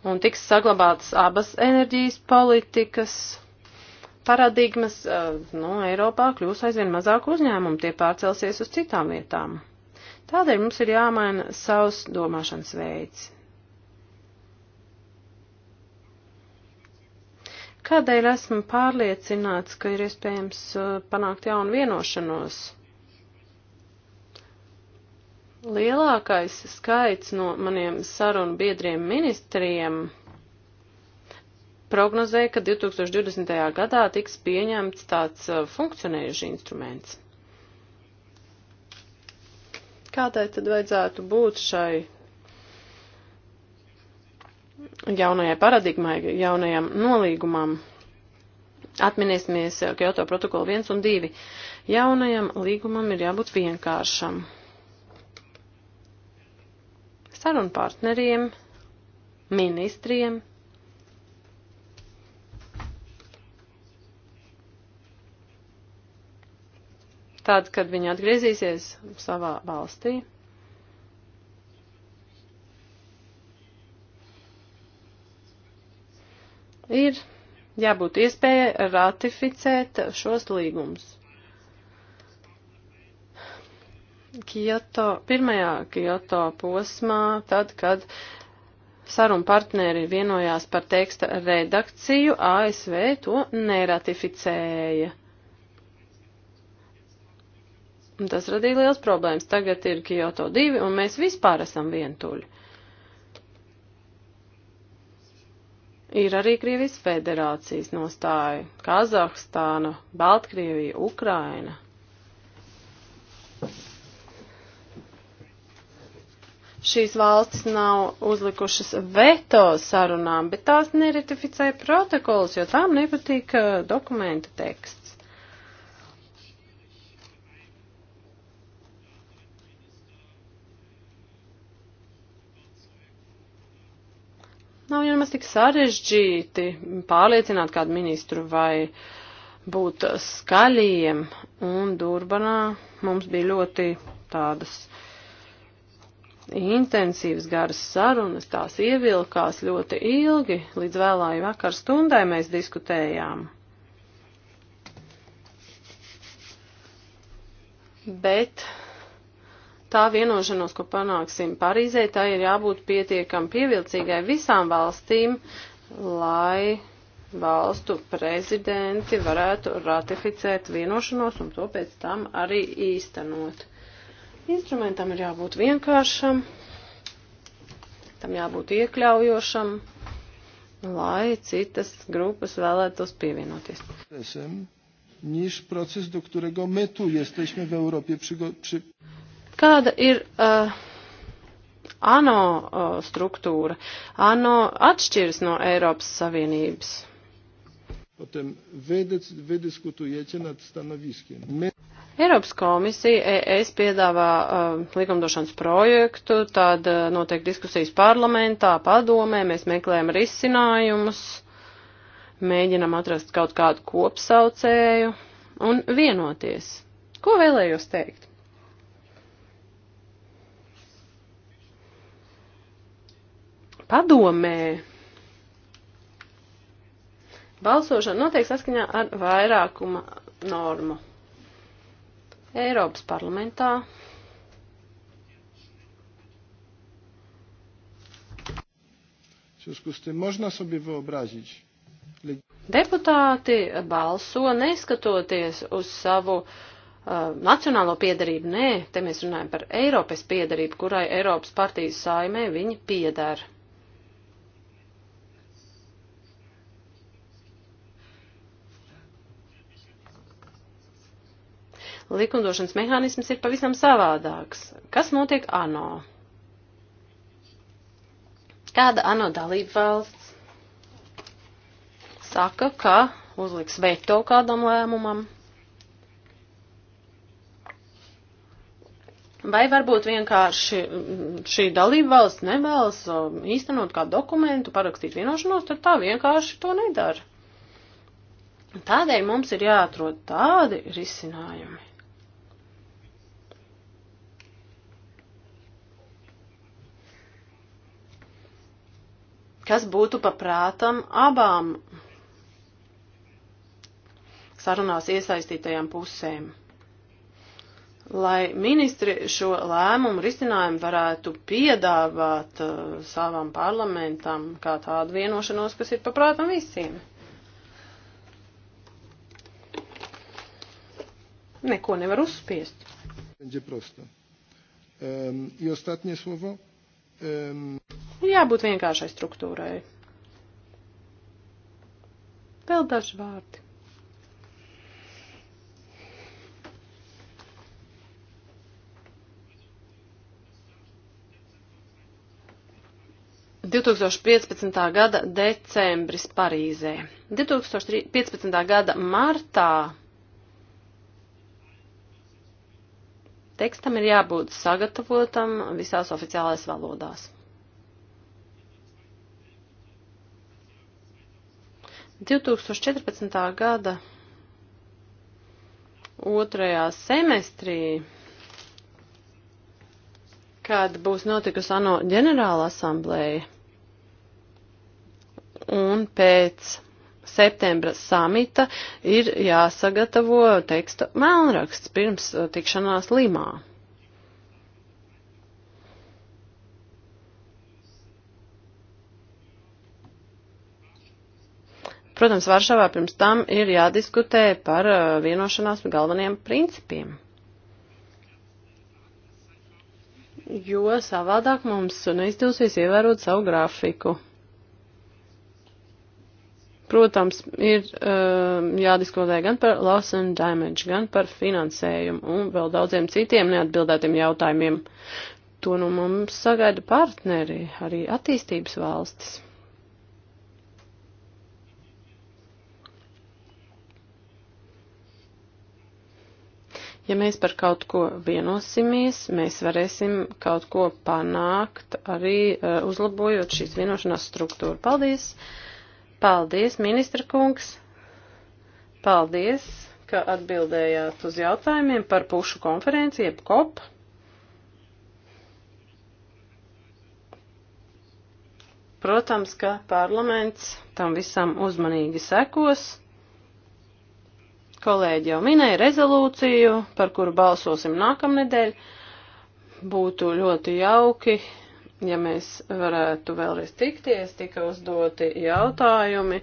un tiks saglabātas abas enerģijas politikas paradigmas, uh, nu, Eiropā kļūs aizvien mazāk uzņēmumu, tie pārcelsies uz citām vietām. Tādēļ mums ir jāmaina savs domāšanas veids. Kādēļ esmu pārliecināts, ka ir iespējams uh, panākt jaunu vienošanos? Lielākais skaits no maniem sarunu biedriem ministriem prognozēja, ka 2020. gadā tiks pieņemts tāds uh, funkcionējuši instruments. Kādai tad vajadzētu būt šai jaunajai paradigmai, jaunajam nolīgumam? Atminiesimies Kyoto protokolu 1 un 2. Jaunajam līgumam ir jābūt vienkāršam. Sarunpartneriem, ministriem, tad, kad viņi atgriezīsies savā valstī. Ir jābūt iespēja ratificēt šos līgumus. Kyoto, pirmajā Kyoto posmā, tad, kad sarunu partneri vienojās par teksta redakciju, ASV to neratificēja. Un tas radīja liels problēmas. Tagad ir Kyoto 2, un mēs vispār esam vientuļi. Ir arī Krievijas federācijas nostāja - Kazahstāna, Baltkrievija, Ukraina. Šīs valstis nav uzlikušas veto sarunām, bet tās neratificē protokols, jo tām nepatīk uh, dokumenta teksts. Nav jau nemaz tik sarežģīti pārliecināt kādu ministru vai būt skaļiem. Un Durbanā mums bija ļoti tādas intensīvas garas sarunas, tās ievilkās ļoti ilgi, līdz vēlāju vakar stundai mēs diskutējām. Bet tā vienošanos, ko panāksim Parīzē, tā ir jābūt pietiekam pievilcīgai visām valstīm, lai valstu prezidenti varētu ratificēt vienošanos un to pēc tam arī īstenot. Instrumentam ir jābūt vienkāršam, tam jābūt iekļaujošam, lai citas grupas vēlētos pievienoties.
Niż proces, do którego my tu jesteśmy w Europie przygotowani.
Kāda ir uh, ANO uh, struktūra? ANO atšķiras no Eiropas Savienības.
Potem wy, wy dyskutujecie nad stanowiskiem. My...
Eiropas komisija ES piedāvā uh, likumdošanas projektu, tad uh, notiek diskusijas parlamentā, padomē, mēs meklējam risinājumus, mēģinam atrast kaut kādu kopsaucēju un vienoties. Ko vēlējos teikt? padomē balsošana notiek saskaņā ar vairākuma normu. Eiropas parlamentā
W związku z tym można sobie wyobrazić.
Deputāti balso neskatoties uz savu uh, nacionālo piedarību. Nē, te mēs runājam par Eiropas piedarību, kurai Eiropas partijas saimē viņi piedara. likumdošanas mehānisms ir pavisam savādāks. Kas notiek ANO? Kāda ANO dalība valsts saka, ka uzliks veto kādam lēmumam? Vai varbūt vienkārši šī dalība valsts nevēlas um, īstenot kādu dokumentu, parakstīt vienošanos, tad tā vienkārši to nedara. Tādēļ mums ir jāatrod tādi risinājumi, kas būtu paprātam abām sarunās iesaistītajām pusēm. Lai ministri šo lēmumu risinājumu varētu piedāvāt uh, savam parlamentam kā tādu vienošanos, kas ir paprātam visiem. Neko nevar uzspiest.
Będzie prosto. Um, I ostatnie słowo. Um...
Jābūt vienkāršai struktūrai.
Vēl daži vārdi.
gada decembris Parīzē. 2015. gada martā Tekstam ir jābūt sagatavotam visās oficiālais valodās. 2014. gada otrajā semestrī, kad būs notikusi ANO ģenerāla asamblēja, un pēc septembra samita ir jāsagatavo teksta melnraksts pirms uh, tikšanās Limā. Protams, Varšavā pirms tam ir jādiskutē par uh, vienošanās galvenajiem principiem. Jo savādāk mums neizdosies ievērot savu grafiku. Protams, ir uh, jādiskutē gan par loss and damage, gan par finansējumu un vēl daudziem citiem neatbildētiem jautājumiem. To nu mums sagaida partneri, arī attīstības valstis. ja mēs par kaut ko vienosimies, mēs varēsim kaut ko panākt, arī uh, uzlabojot šīs vienošanās struktūru. Paldies! Paldies, ministra kungs! Paldies, ka atbildējāt uz jautājumiem par pušu konferenci, jeb kop. Protams, ka parlaments tam visam uzmanīgi sekos. Kolēģi jau minēja rezolūciju, par kuru balsosim nākamnedēļ. Būtu ļoti jauki, ja mēs varētu vēlreiz tikties, tika uzdoti jautājumi,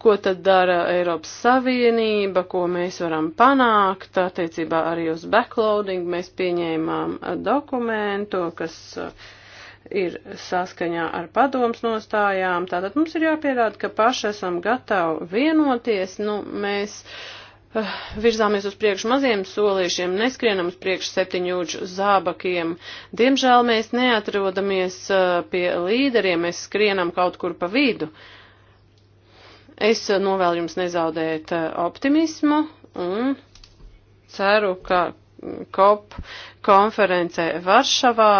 ko tad dara Eiropas Savienība, ko mēs varam panākt, attiecībā arī uz backloading mēs pieņēmām dokumentu, kas uh, ir saskaņā ar padoms nostājām. Tātad mums ir jāpierāda, ka paši esam gatavi vienoties. Nu, mēs uh, Ah, virzāmies uz priekšu maziem solīšiem, neskrienam uz priekšu septiņūģu zābakiem. Diemžēl mēs neatrodamies ah, pie līderiem, mēs skrienam kaut kur pa vidu. Es ah, novēlu jums nezaudēt optimismu un ceru, ka COP mm, konferencē Varšavā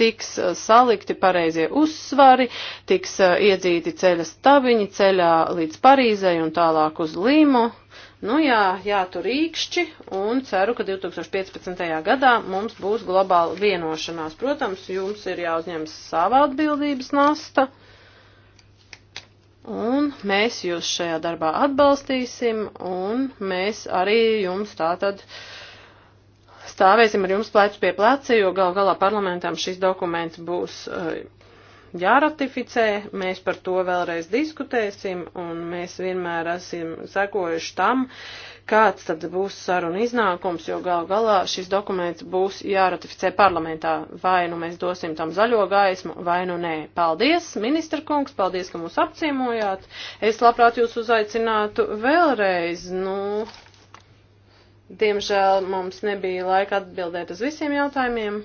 tiks salikti pareizie uzsvari, tiks iedzīti ceļa stabiņi ceļā līdz Parīzei un tālāk uz Līmu. Nu jā, jā, tur īkšķi un ceru, ka 2015. gadā mums būs globāla vienošanās. Protams, jums ir jāuzņemas sava atbildības nasta un mēs jūs šajā darbā atbalstīsim un mēs arī jums tātad stāvēsim ar jums plecu pie pleca, jo gal galā parlamentam šis dokuments būs. Uh, jāratificē, mēs par to vēlreiz diskutēsim, un mēs vienmēr esam sekojuši tam, kāds tad būs saruna iznākums, jo gal galā šis dokuments būs jāratificē parlamentā. Vai nu mēs dosim tam zaļo gaismu, vai nu nē. Paldies, ministra kungs, paldies, ka mūs apciemojāt. Es labprāt jūs uzaicinātu vēlreiz, nu. Diemžēl mums nebija laika atbildēt uz visiem jautājumiem,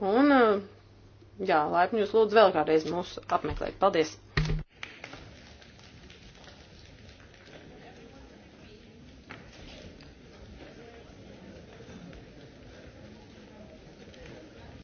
Un Jā, laipni jūs lūdzu vēl kādreiz mūs apmeklēt. Paldies!